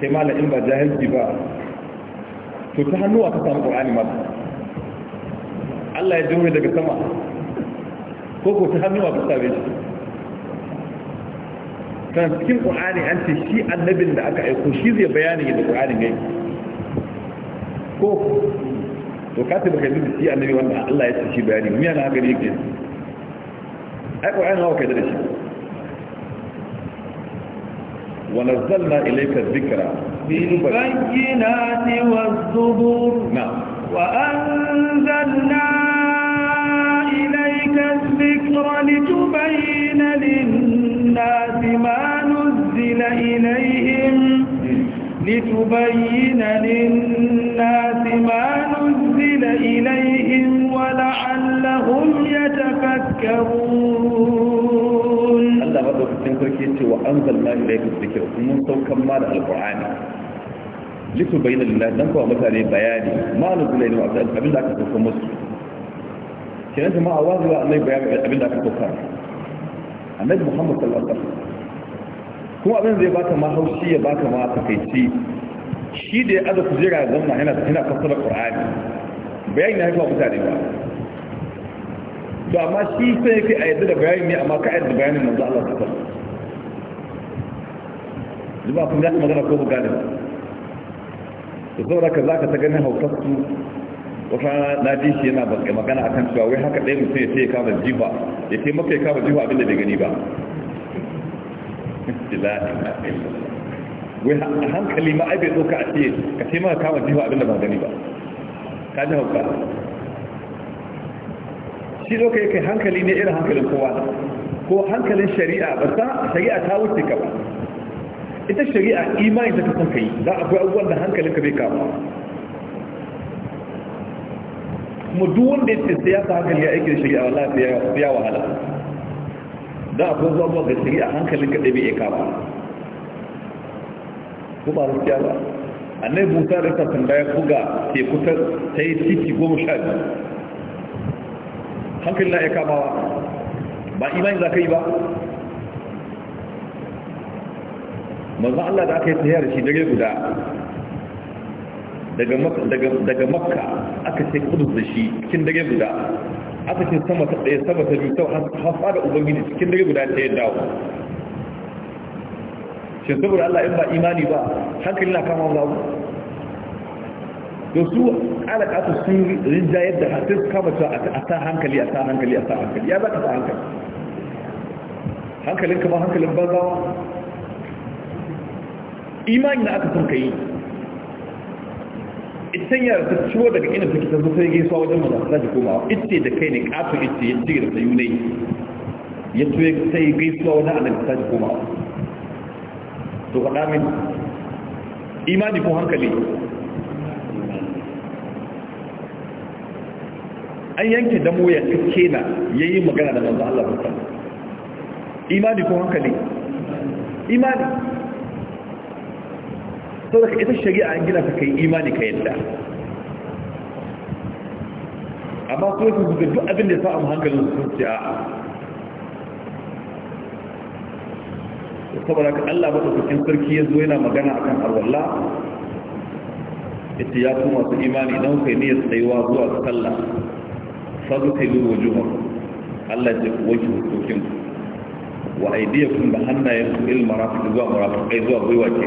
kai malam in ba jahilci ba to ta hannuwa ka samu qur'ani ma Allah ya jure daga sama ko ko ta hannu ba same shi kan cikin qur'ani an ce shi annabin da aka aiko shi zai bayani da qur'ani gai ko to ka baka dubi shi annabi wanda Allah ya ce shi bayani mu yana haka yake ai qur'ani hawa kai da shi ونزلنا إليك الذكر بالبينات والزبور نعم وأنزلنا أنزلنا الذكر لتبين للناس ما نزل إليهم لتبين للناس ما نزل إليهم ولعلهم يتفكرون الله غضب التنكركي وأنزلنا إليك الذكر من صوكم مال القرآن لتبين للناس نقوى مثلا بياني ما نزل إليهم أبدا أبدا أكثر مصر kenan jama'a wa zuwa annai bayanin abin da aka sauka annabi muhammad sallallahu alaihi kuma abin zai baka ma haushi ya baka ma takaici shi da ya aza kujera ya zama yana yana fassara qur'ani bayani na haifa mutane ba to amma shi sai yake a yadda da bayanin ne amma ka yadda bayanin manzo Allah ta fara zuba kun ga magana ko buga da to saboda ka zaka ta ganin hausarsu wata na ji shi yana magana akan cewa wai haka ɗaya mutum ya ce ya kama jifa ya ce maka ya kama jifa abinda bai gani ba wai a hankali ma ai bai zo a ce ka ce maka kama jifa abinda ba gani ba ka ji hauka shi zo ka kai hankali ne irin hankalin kowa ko hankalin shari'a ba sa shari'a ta wuce ka ba ita shari'a imani ta kasan kai za a akwai abubuwan da hankalin ka bai kama kuma duk wanda yake ce siyasa hankali ya aikin shari'a wallahi sai ya wahala da akwai zuwa ga shari'a hankalin ka ɗabi'a kama ko ba gaskiya ba annai busa da sassan baya buga ke kutar ta yi titi goma sha biyu hankalin na ya kamawa ba imani za ka yi ba manzan Allah da aka yi tsayar shi dare guda daga makka aka ce kudus da shi cikin dare guda aka ce sama ta ɗaya sama ta biyu sau hasa da ubangiji cikin dare guda ta ya dawo shi saboda allah in ba imani ba hankali na kama zawo da su alaƙa su sun rinja yadda hatin su kama cewa a sa hankali a sa hankali a sa hankali ya za ka sa hankali hankalin kama, hankalin ba za wa? imani na aka sun ka yi ita yara ta ciwo daga inda take ta zo sai gaisuwa wajen mazan da ta koma ita da kai ne kafa ita ya ci da sayu ne ya tuye sai gaisuwa wajen annabi ta koma to faɗa min imani ko hankali an yanke damo ya kake na yayi magana da manzo Allah ta imani ko hankali imani sau da ita shari'a an gina ta kai imani ka yadda amma kuma su zuga duk abin da ya samu hankalin su ce a'a saboda ka Allah matsaukakin sarki ya zo yana magana a kan arwalla ita ya kuma su imani idan kai ne ya tsayuwa zuwa ga sallah sabu kai lura wajen Allah ya ku wanke hukukin wa aidiyakum da hannayen ku ilmara zuwa marafikai zuwa gwiwa ke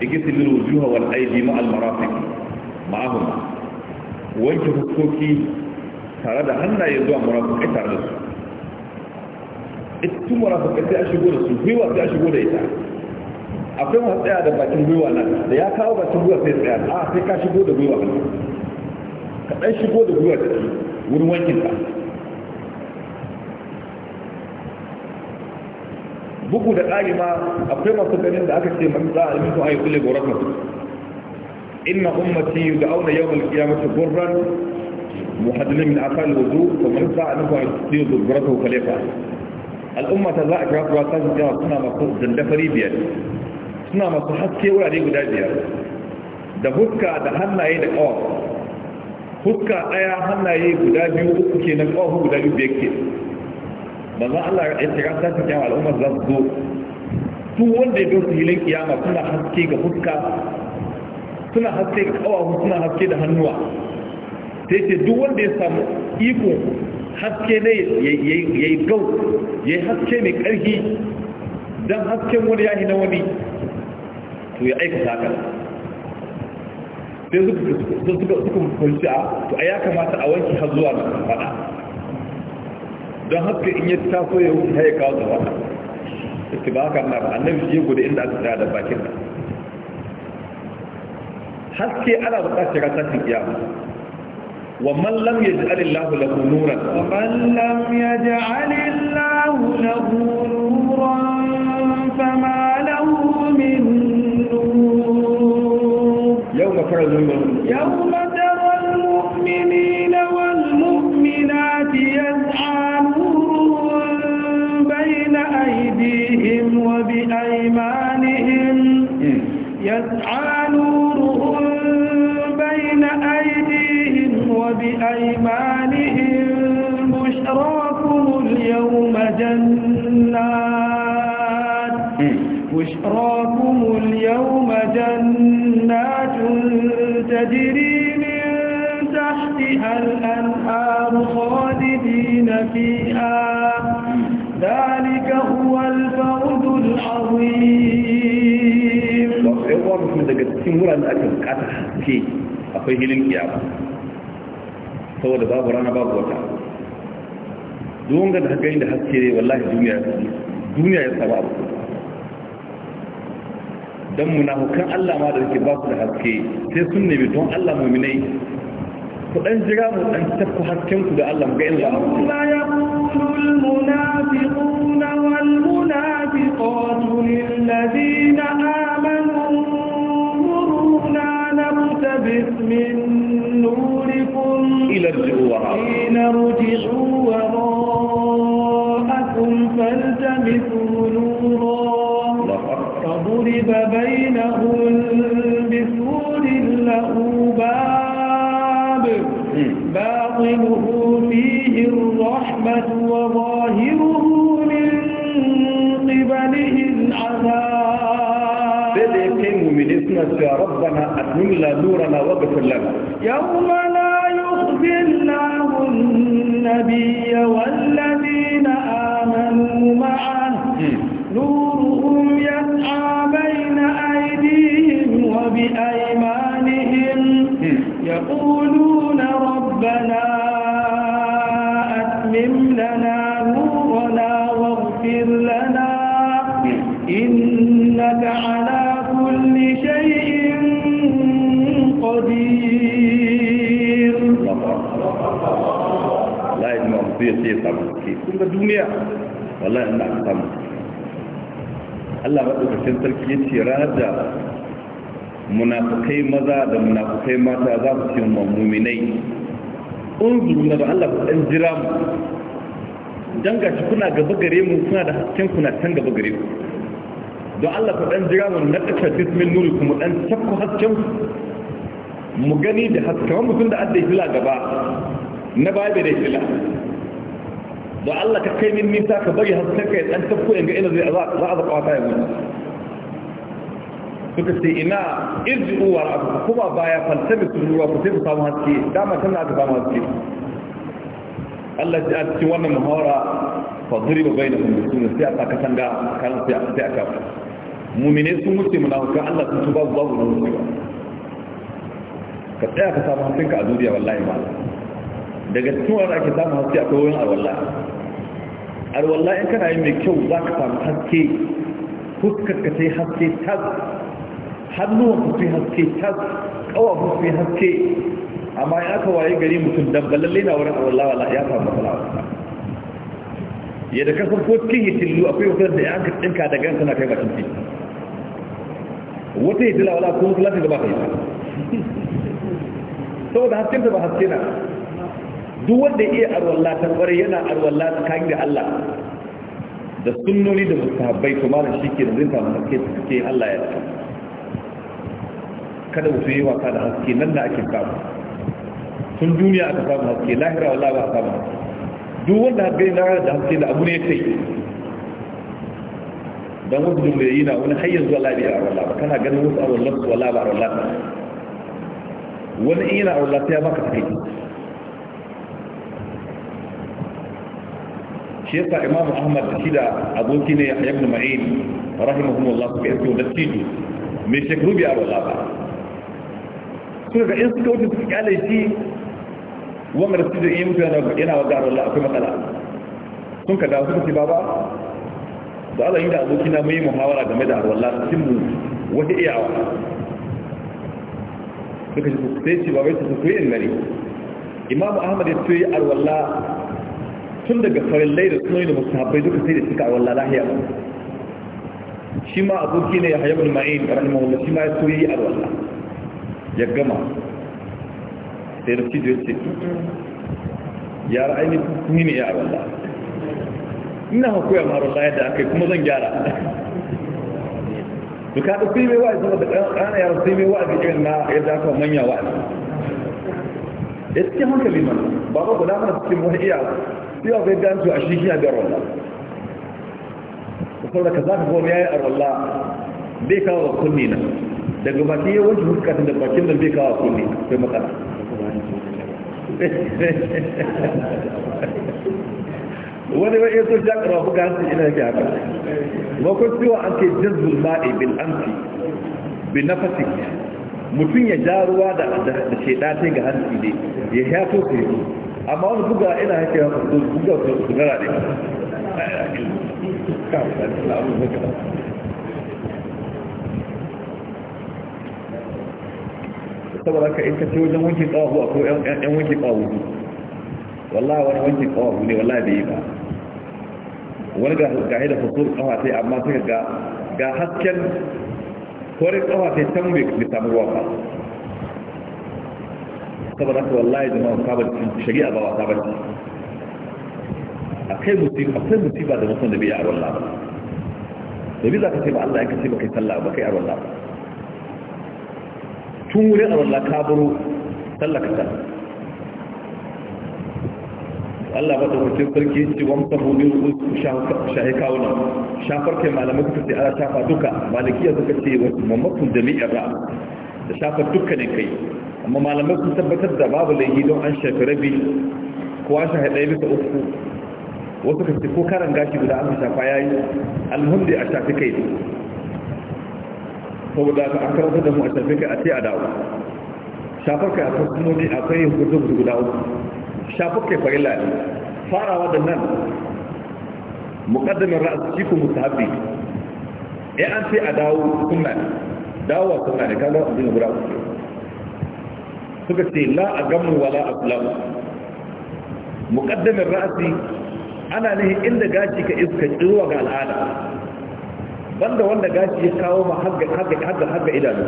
igisil wujuha wal aidi ma al marafiq ma'ahum wanke hukoki tare da hannaye zuwa marafiqai ita da su ita tun marafiqai sai a shigo da su gwiwa sai a shigo da ita akwai masu tsaya da bakin gwiwa nan da ya kawo bakin gwiwa sai tsaya a sai ka shigo da gwiwa ka ɗan shigo da gwiwa ta wurin wankin ka Buku da ɗalima akwai masu ganin da aka ce masu za a yi a yi kulle goron mutu inna ummati da auna yau mulki ya mutu gurran muhaddilin min asali wuzu to man za a nufa a yi goron mutu khalifa al'umma ta za a kira kuwa sa jawa suna masu dandafari biyar suna masu haske wurare guda biyar da huska da hannaye da ƙawa huska ɗaya hannaye guda biyu uku kenan ƙawa guda biyu biyar ke za Allah ya ce ran tashin kiyama al'umma za su zo duk wanda ya dosa hilin kiyama suna haske ga fuska suna haske ga kawahu suna haske da hannuwa sai ce duk wanda ya samu iko haske ne ya yi gau ya yi haske mai ƙarfi don hasken wani yahi na wani to ya aikata haka sai suka kwanci a to a ya kamata a wanki har zuwa na faɗa don haka in ya taso ya wuce ya kawo gaba ita ba haka na annabi shi ya inda aka tsaya da bakin nan haske ana buƙatar tashin kiyama ومن لم يجعل الله له نورا ومن لم يجعل الله له نورا فما له من نور يوم فرد يوم ترى المؤمنين والمؤمنات يسعى بأيمانهم يسعى نورهم بين أيديهم وبأيمانهم بشراكم اليوم جنات بشراكم اليوم جنات تجري من تحتها الأنهار خالدين فيها ذلك هو الفوز عظيم وقوة da ذلك تمر haske akwai قطع كي saboda babu rana babu wata. باب وطا دون haske ne wallahi duniya ya saba don munafukan Allah ma da suke ba su da haske sai sun nemi don Allah muminai ku dan jira mu dan tafku haskenku da Allah ga in a ku واغفر لنا يا الله sama Allah maɗaukacin sarki ya ce da munafukai maza da munafukai mata za su ce muminai unzuru na da Allah ɗan jira mu don gashi kuna gaba gare mu kuna da hasken kuna can gaba gare mu don Allah ku ɗan jira mu na ƙasar bismin nuri kuma ɗan cakku hasken mu gani da hasken mutum da adda fila gaba na ba bai da fila da Allah ka kai min nisa ka bari hasken kai dan tafko in ga ina zai za a zaka wata ya gudu. suka sai ina irji'u wa abu kuma baya fantabi su ruwa ku sai ku samu haske dama na aka samu haske Allah ya ci wannan muhawara fa duriba bainahum bisun sai a aka katanga kan sai aka sai aka mu'mine sun mutu munafikan Allah sun tuba babu nan mutu ka tsaya ka samu hasken ka a duniya wallahi ma daga cikin wanda ake samu haske akwai wani a wallahi arwallah in kana yi mai kyau za ka samu haske fuskar ka sai haske tas hannuwan ku sai haske tas kawa ku sai haske amma in aka waye gari mutum dambalalle na wurin arwallah wala ya samu matsala wasa ya da kasar ko cikin hitillu akwai wutar da yanka ɗinka da gan tana kai bakin ci wata hitila wala kuma kulatin da ba ka yi saboda hasken da ba haske na duk wanda ya iya arwalla ta kware yana arwalla tsakanin da Allah da sunnoni da mustahabbai to malam shi ke da ta samu haske Allah ya ta kada ku yi wasa da haske nan da ake samu tun duniya aka samu haske lahira wallahi ba samu duk wanda haske na da haske da abu ne ya kai dan wasu dumbayi na wani har yanzu Allah bai arwalla ba kana ganin wasu arwallan su ba arwalla wani ina arwalla ta ya baka kai. shi yasa imamu ahmad da shi da aboki ne ya ibn ma'in rahimahumullah suka yi da tiju mai shekaru biya wala ba suka ga in suka wuce suka kyale shi wannan da tiju in mutu yana wa gara Allah akwai matsala sun ka dawo suka ci baba da Allah yi da aboki na mai muhawara game da wala cikin mu wata iyawa suka ce sai ce baba ya tafi yi in gari imamu ahmad ya ce arwalla tun daga farillai da sunoni da musamman duka sai da suka a wallah lahiya ba shi ma aboki ne ya hayabu da ma'in ƙaramin mawallah shi ma ya soyi a wallah ya gama sai da cijo ya ce yara ne ya a wallah ina ya ma wallah da aka yi kuma zan gyara to ka da mai wa'azi da ƙana yara sai mai wa'azi irin na yadda aka manya wa'azi ya cikin hankali mana ba ba guda mana cikin wani iyawa yau bai gantu a shi kina da rola ku saboda ka za ka goma ya yi a rola bai kawo kunni na daga baki ya wanke huskatun da bakin nan bai kawo kunni sai matsala wani wani yaso ja ƙara buga hansu ina yake haka makon cewa an ke jazbul ma'i bil amfi bin nafasik mutum ya ja ruwa da ce ɗate ga hansu ne ya yato su yi amma wani buga ina yake ya fito buga su su gara ne saboda ka in ka ce wajen wankin tsawo a ko yan wankin tsawo kawahu wallahi wani wankin tsawo ne wallahi da yi ba wani ga gahe da fasur kawa sai amma suka ga ga hasken kwarin kawa sai can bai samu ruwa ba saboda haka wallahi da mawa sabar shari'a ba wasa bace akai musiba akai musiba da mutum da bai yi aron ba da bi za ka ce ba Allah ya kace ba kai sallah ba kai aron ba tun wurin aron la ka baro sallah ka sallah Allah ba da wuce sarki ce wamsa mu ne ku shahi kawuna shafar kai malamai suka ce ala shafa duka malikiya suka ce wasu mamakun jami'ar ra'a da shafar duka ne kai amma malamai sun tabbatar da babu laifi don an shafi rabi ko an shafi ɗaya bisa uku wasu ka ce ko karan gashi guda an shafa ya yi alhamdi a shafi kai ne saboda ka aka karanta da mu a shafi kai a ce a dawo shafar kai a kwasinoji akwai hukuntun guda uku shafar kai farila ne farawa da nan muƙaddamin ra'asu shi ko mustahabi ya eh, an ce a dawo sunna dawowa sunna ne kaga abin guda uku suka ce la a gamu wala a kulamu muƙaddamin ra'asi ana ne inda gashi ka iska tsirwa ga al'ada banda wanda gashi ya kawo ma haga idanu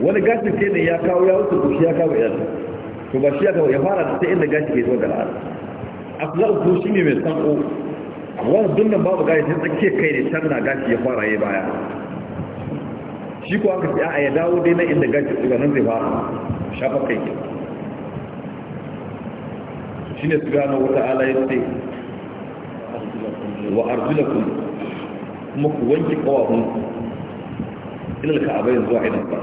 wani gashi ke ne ya kawo ya wuce ko shi ya kawo idanu to ba shi ya kawo ya fara da sai inda gashi ke zuwa ga al'ada aflau ko shi ne mai sanko amma dunnan babu gashi sai tsakiyar kai ne can na gashi ya fara ya baya shi ko aka ce a ya dawo dai na inda gashi daga nan zai fara shafa kai ke shi ne su gano wata ala ya ce wa arzulakun kuma ku wanke wanki kawahunku ilal ka'abayin zuwa idan ba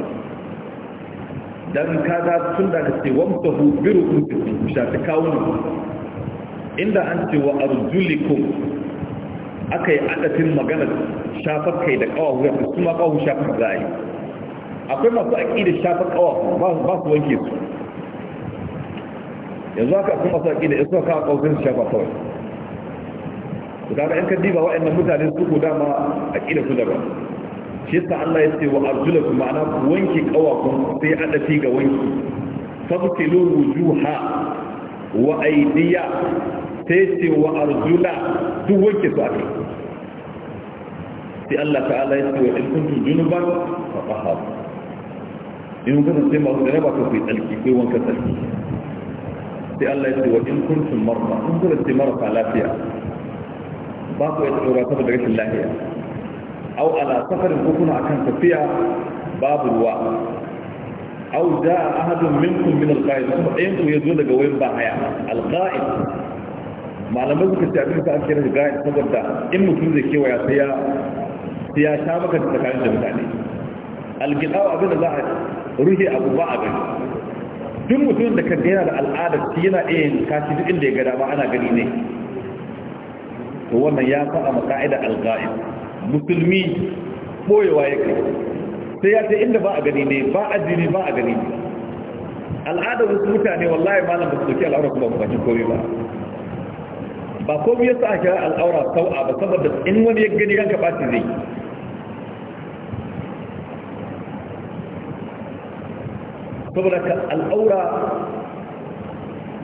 dan kaga tun da ka ce wamsahu biru kun ku shafi ne inda an ce wa arzulikum aka yi adatin maganar shafar kai da kawahu ya fi kuma kawahu shafar za a yi akwai masu aƙida shafar ƙawa ba su wanke su yanzu haka akwai masu aƙida iska kawo ƙausar su shafa kawai su kaga yan kaddiba waɗannan mutane su ko dama aƙida su daban shi ta Allah ya ce wa arjula ku ma'ana ku wanke ƙawakun sai ya fi ga wanki fasilu wujuha wa aidiya sai ce wa arjula duk wanke su akai sai Allah ta'ala ya ce wa in kuntum junuban fa tahharu in kun sai masu da raba ka kai tsarki kai wanka tsarki sai Allah ya ce wa in kuntum marda in kun sai marasa lafiya ba ku ya tsoro saboda rashin lafiya au ala safarin ko kuna akan tafiya babu ruwa au da ahadun minkum min alqa'id kuma ɗayan ku ya zo daga wayin ba haya alqa'id malamai suka ce abin da ake rage ga'id saboda in mutum zai kewaya sai ya sai sha maka da tsakanin da mutane algidawa abin da za a ruhi abu ba a gani duk mutum da ka gaya da al'adar shi yana iya yin kashi duk inda ya gada ba ana gani ne to wannan ya faɗa ma ka'ida al-ghaib musulmi boyewa kai? sai ya ce inda ba a gani ne ba a jini ba a gani ne al'adar wasu mutane wallahi malam ba su dauki al'aura kuma ba bacin komai ba ba komai yasa a kira al'aura sau'a ba saboda in wani ya gani ranka ba shi zai saboda ka al'aura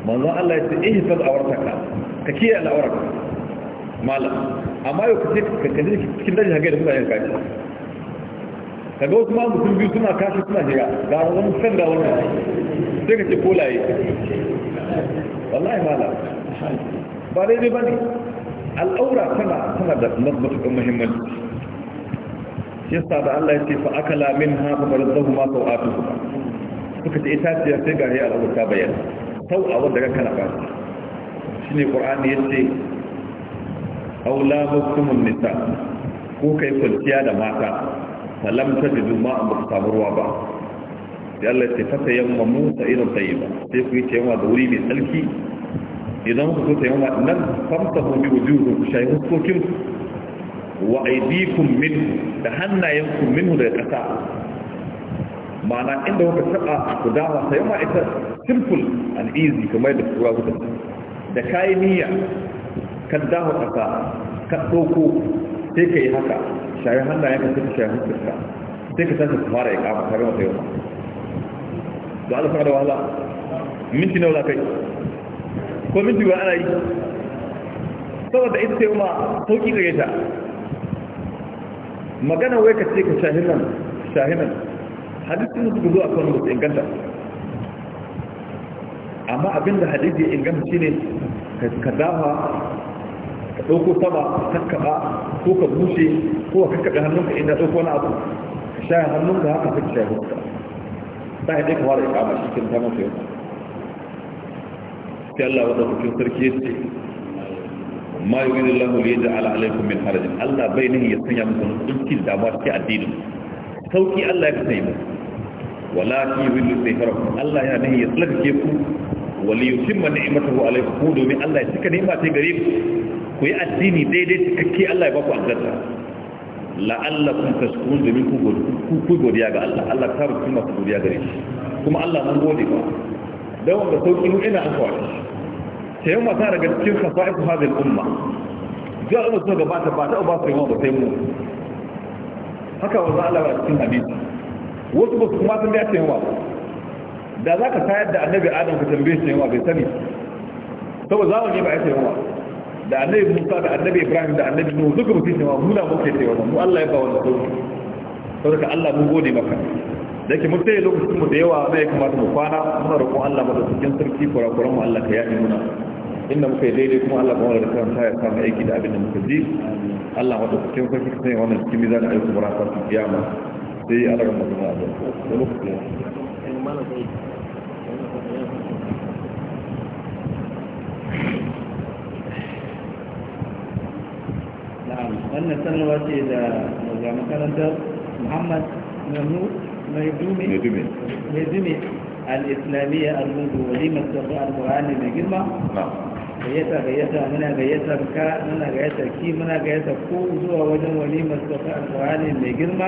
manzon Allah ya ce ihsan aurtaka ka kiyaye al'aurarka malam amma yau kace ka kaje cikin daji hage da mutane ka ji kaga wasu ma mutum biyu suna kashi suna shiga ga wani san da wannan sai ka ce kolaye wallahi malam ba dai ba ne al'aura tana tana da matukan muhimmanci yasa da Allah ya ce fa akala minha fa barzahu ma sawatuhuma suka ce ita ce sai gari al'amur ta bayyana sau a wanda kan kana ba shi ne ƙur'ani ya ce aula mukumin nisa ko kai kwanciya da mata falam ta jizu ma a baka samu ba sai Allah ce fata yamma mu ta irin tsaye ba sai ku yi ce yamma da wuri mai tsarki idan ku so ta yamma nan famta ku bi wujuhu ku shayi huskokin wa aidikum minhu da hannayenku minhu daga ƙasa ma'ana inda wata taba ku dama sai ma ita simple and easy kamar da kura wuta da kayi niyya kan dama kasa ka doko sai ka yi haka shayi hannayen ka sai ka shayi hukunka sai ka tashi fara ya kama ka gama sayo da Allah fara da wahala minti nawa wala kai ko minti ba ana yi saboda ita sai ma sauki gare ta magana wai ka ce ka shahinan shahinan hadisin suka zo a kan musu inganta amma abinda hadisi inganta shine ka dafa ka ɗauko sama kakkaɓa ko ka bushe ko ka kakkaɓe hannunka inda ɗauko wani abu ka shaya hannunka haka ka shaya hannunka ta haɗe ka fara ikama shi kin tamar sai sai Allah wadda kucin sarki ya ce ma yi wani lahu liya da ala alaikum min harajin Allah bai nahi ya sanya muku kunci da damuwa cikin addinin sauki Allah ya sanya muku wala fi zillu sayfara Allah yana nahi ya tsallake ku wali yutimma ni'matahu alaykum ku domin Allah ya cika ni'ima ta gare ku ku yi addini daidai cikakke Allah ya baku aljanna la'allakum tashkurun domin ku ku godiya ga Allah Allah ta rubuta masu godiya gare shi kuma Allah mun gode ba dan wanda sauki mu ina an kawai sai mu ta daga cikin khasa'is hadhihi al-umma ga umma sun gabata ba ta ba sai mu ba sai mu haka wa Allah cikin hadisi wasu ba su kuma sun da yawa da za ka tayar da annabi adam ka tambaye shi yawa bai sani saboda zamani ba ya yawa da annabi musa da annabi ibrahim da annabi nuhu duka mutum yawa muna muke yawa mu allah ya ba wani sauri saboda allah mun gode maka da ke mun sai lokacin mu da yawa zai kamata mu kwana muna roƙon allah ba da cikin sarki kurakuran mu allah ka yaɗi muna inda muka yi daidai kuma allah ba wani da karanta ya samu aiki da abin da muka ji allah wadda cikin sarki ka sanya wannan cikin mizanin ayyukan barasa su kiyama sai a ragar magana a zai da lokaci ya wannan sanarwa ce da daga makarantar muhammad mamnu mai dume al-islamiyya al-mundu walimar sabu al-qur'ani mai girma gayyata gayyata muna gayyatar ka muna gayyatar ki muna gayyatar ko zuwa wajen walimar sabu al-qur'ani mai girma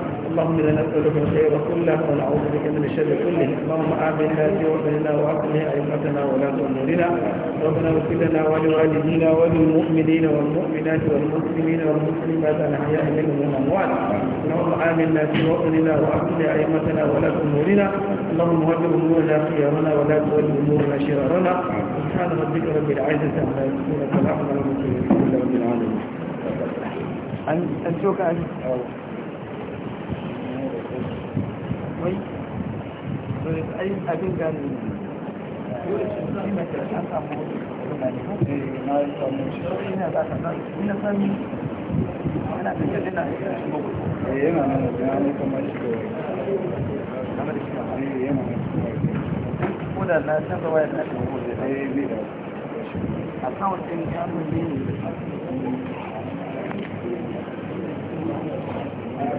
اللهم إنا نسألك الخير كله ونعوذ بك من الشر كله اللهم آمنا في وطننا وأصلح أئمتنا ولا أمورنا ربنا اغفر لنا ولوالدينا وللمؤمنين والمؤمنات والمسلمين والمسلمات الأحياء منهم والأموات اللهم آمنا في وطننا وأصلح أئمتنا ولا أمورنا اللهم وجه أمورنا خيارنا ولا تولي أمورنا شرارنا سبحان ربك رب العزة عما يصفون وسلام على المرسلين الحمد لله رب العالمين أن أن wai abin gani eh, eh, eh, ya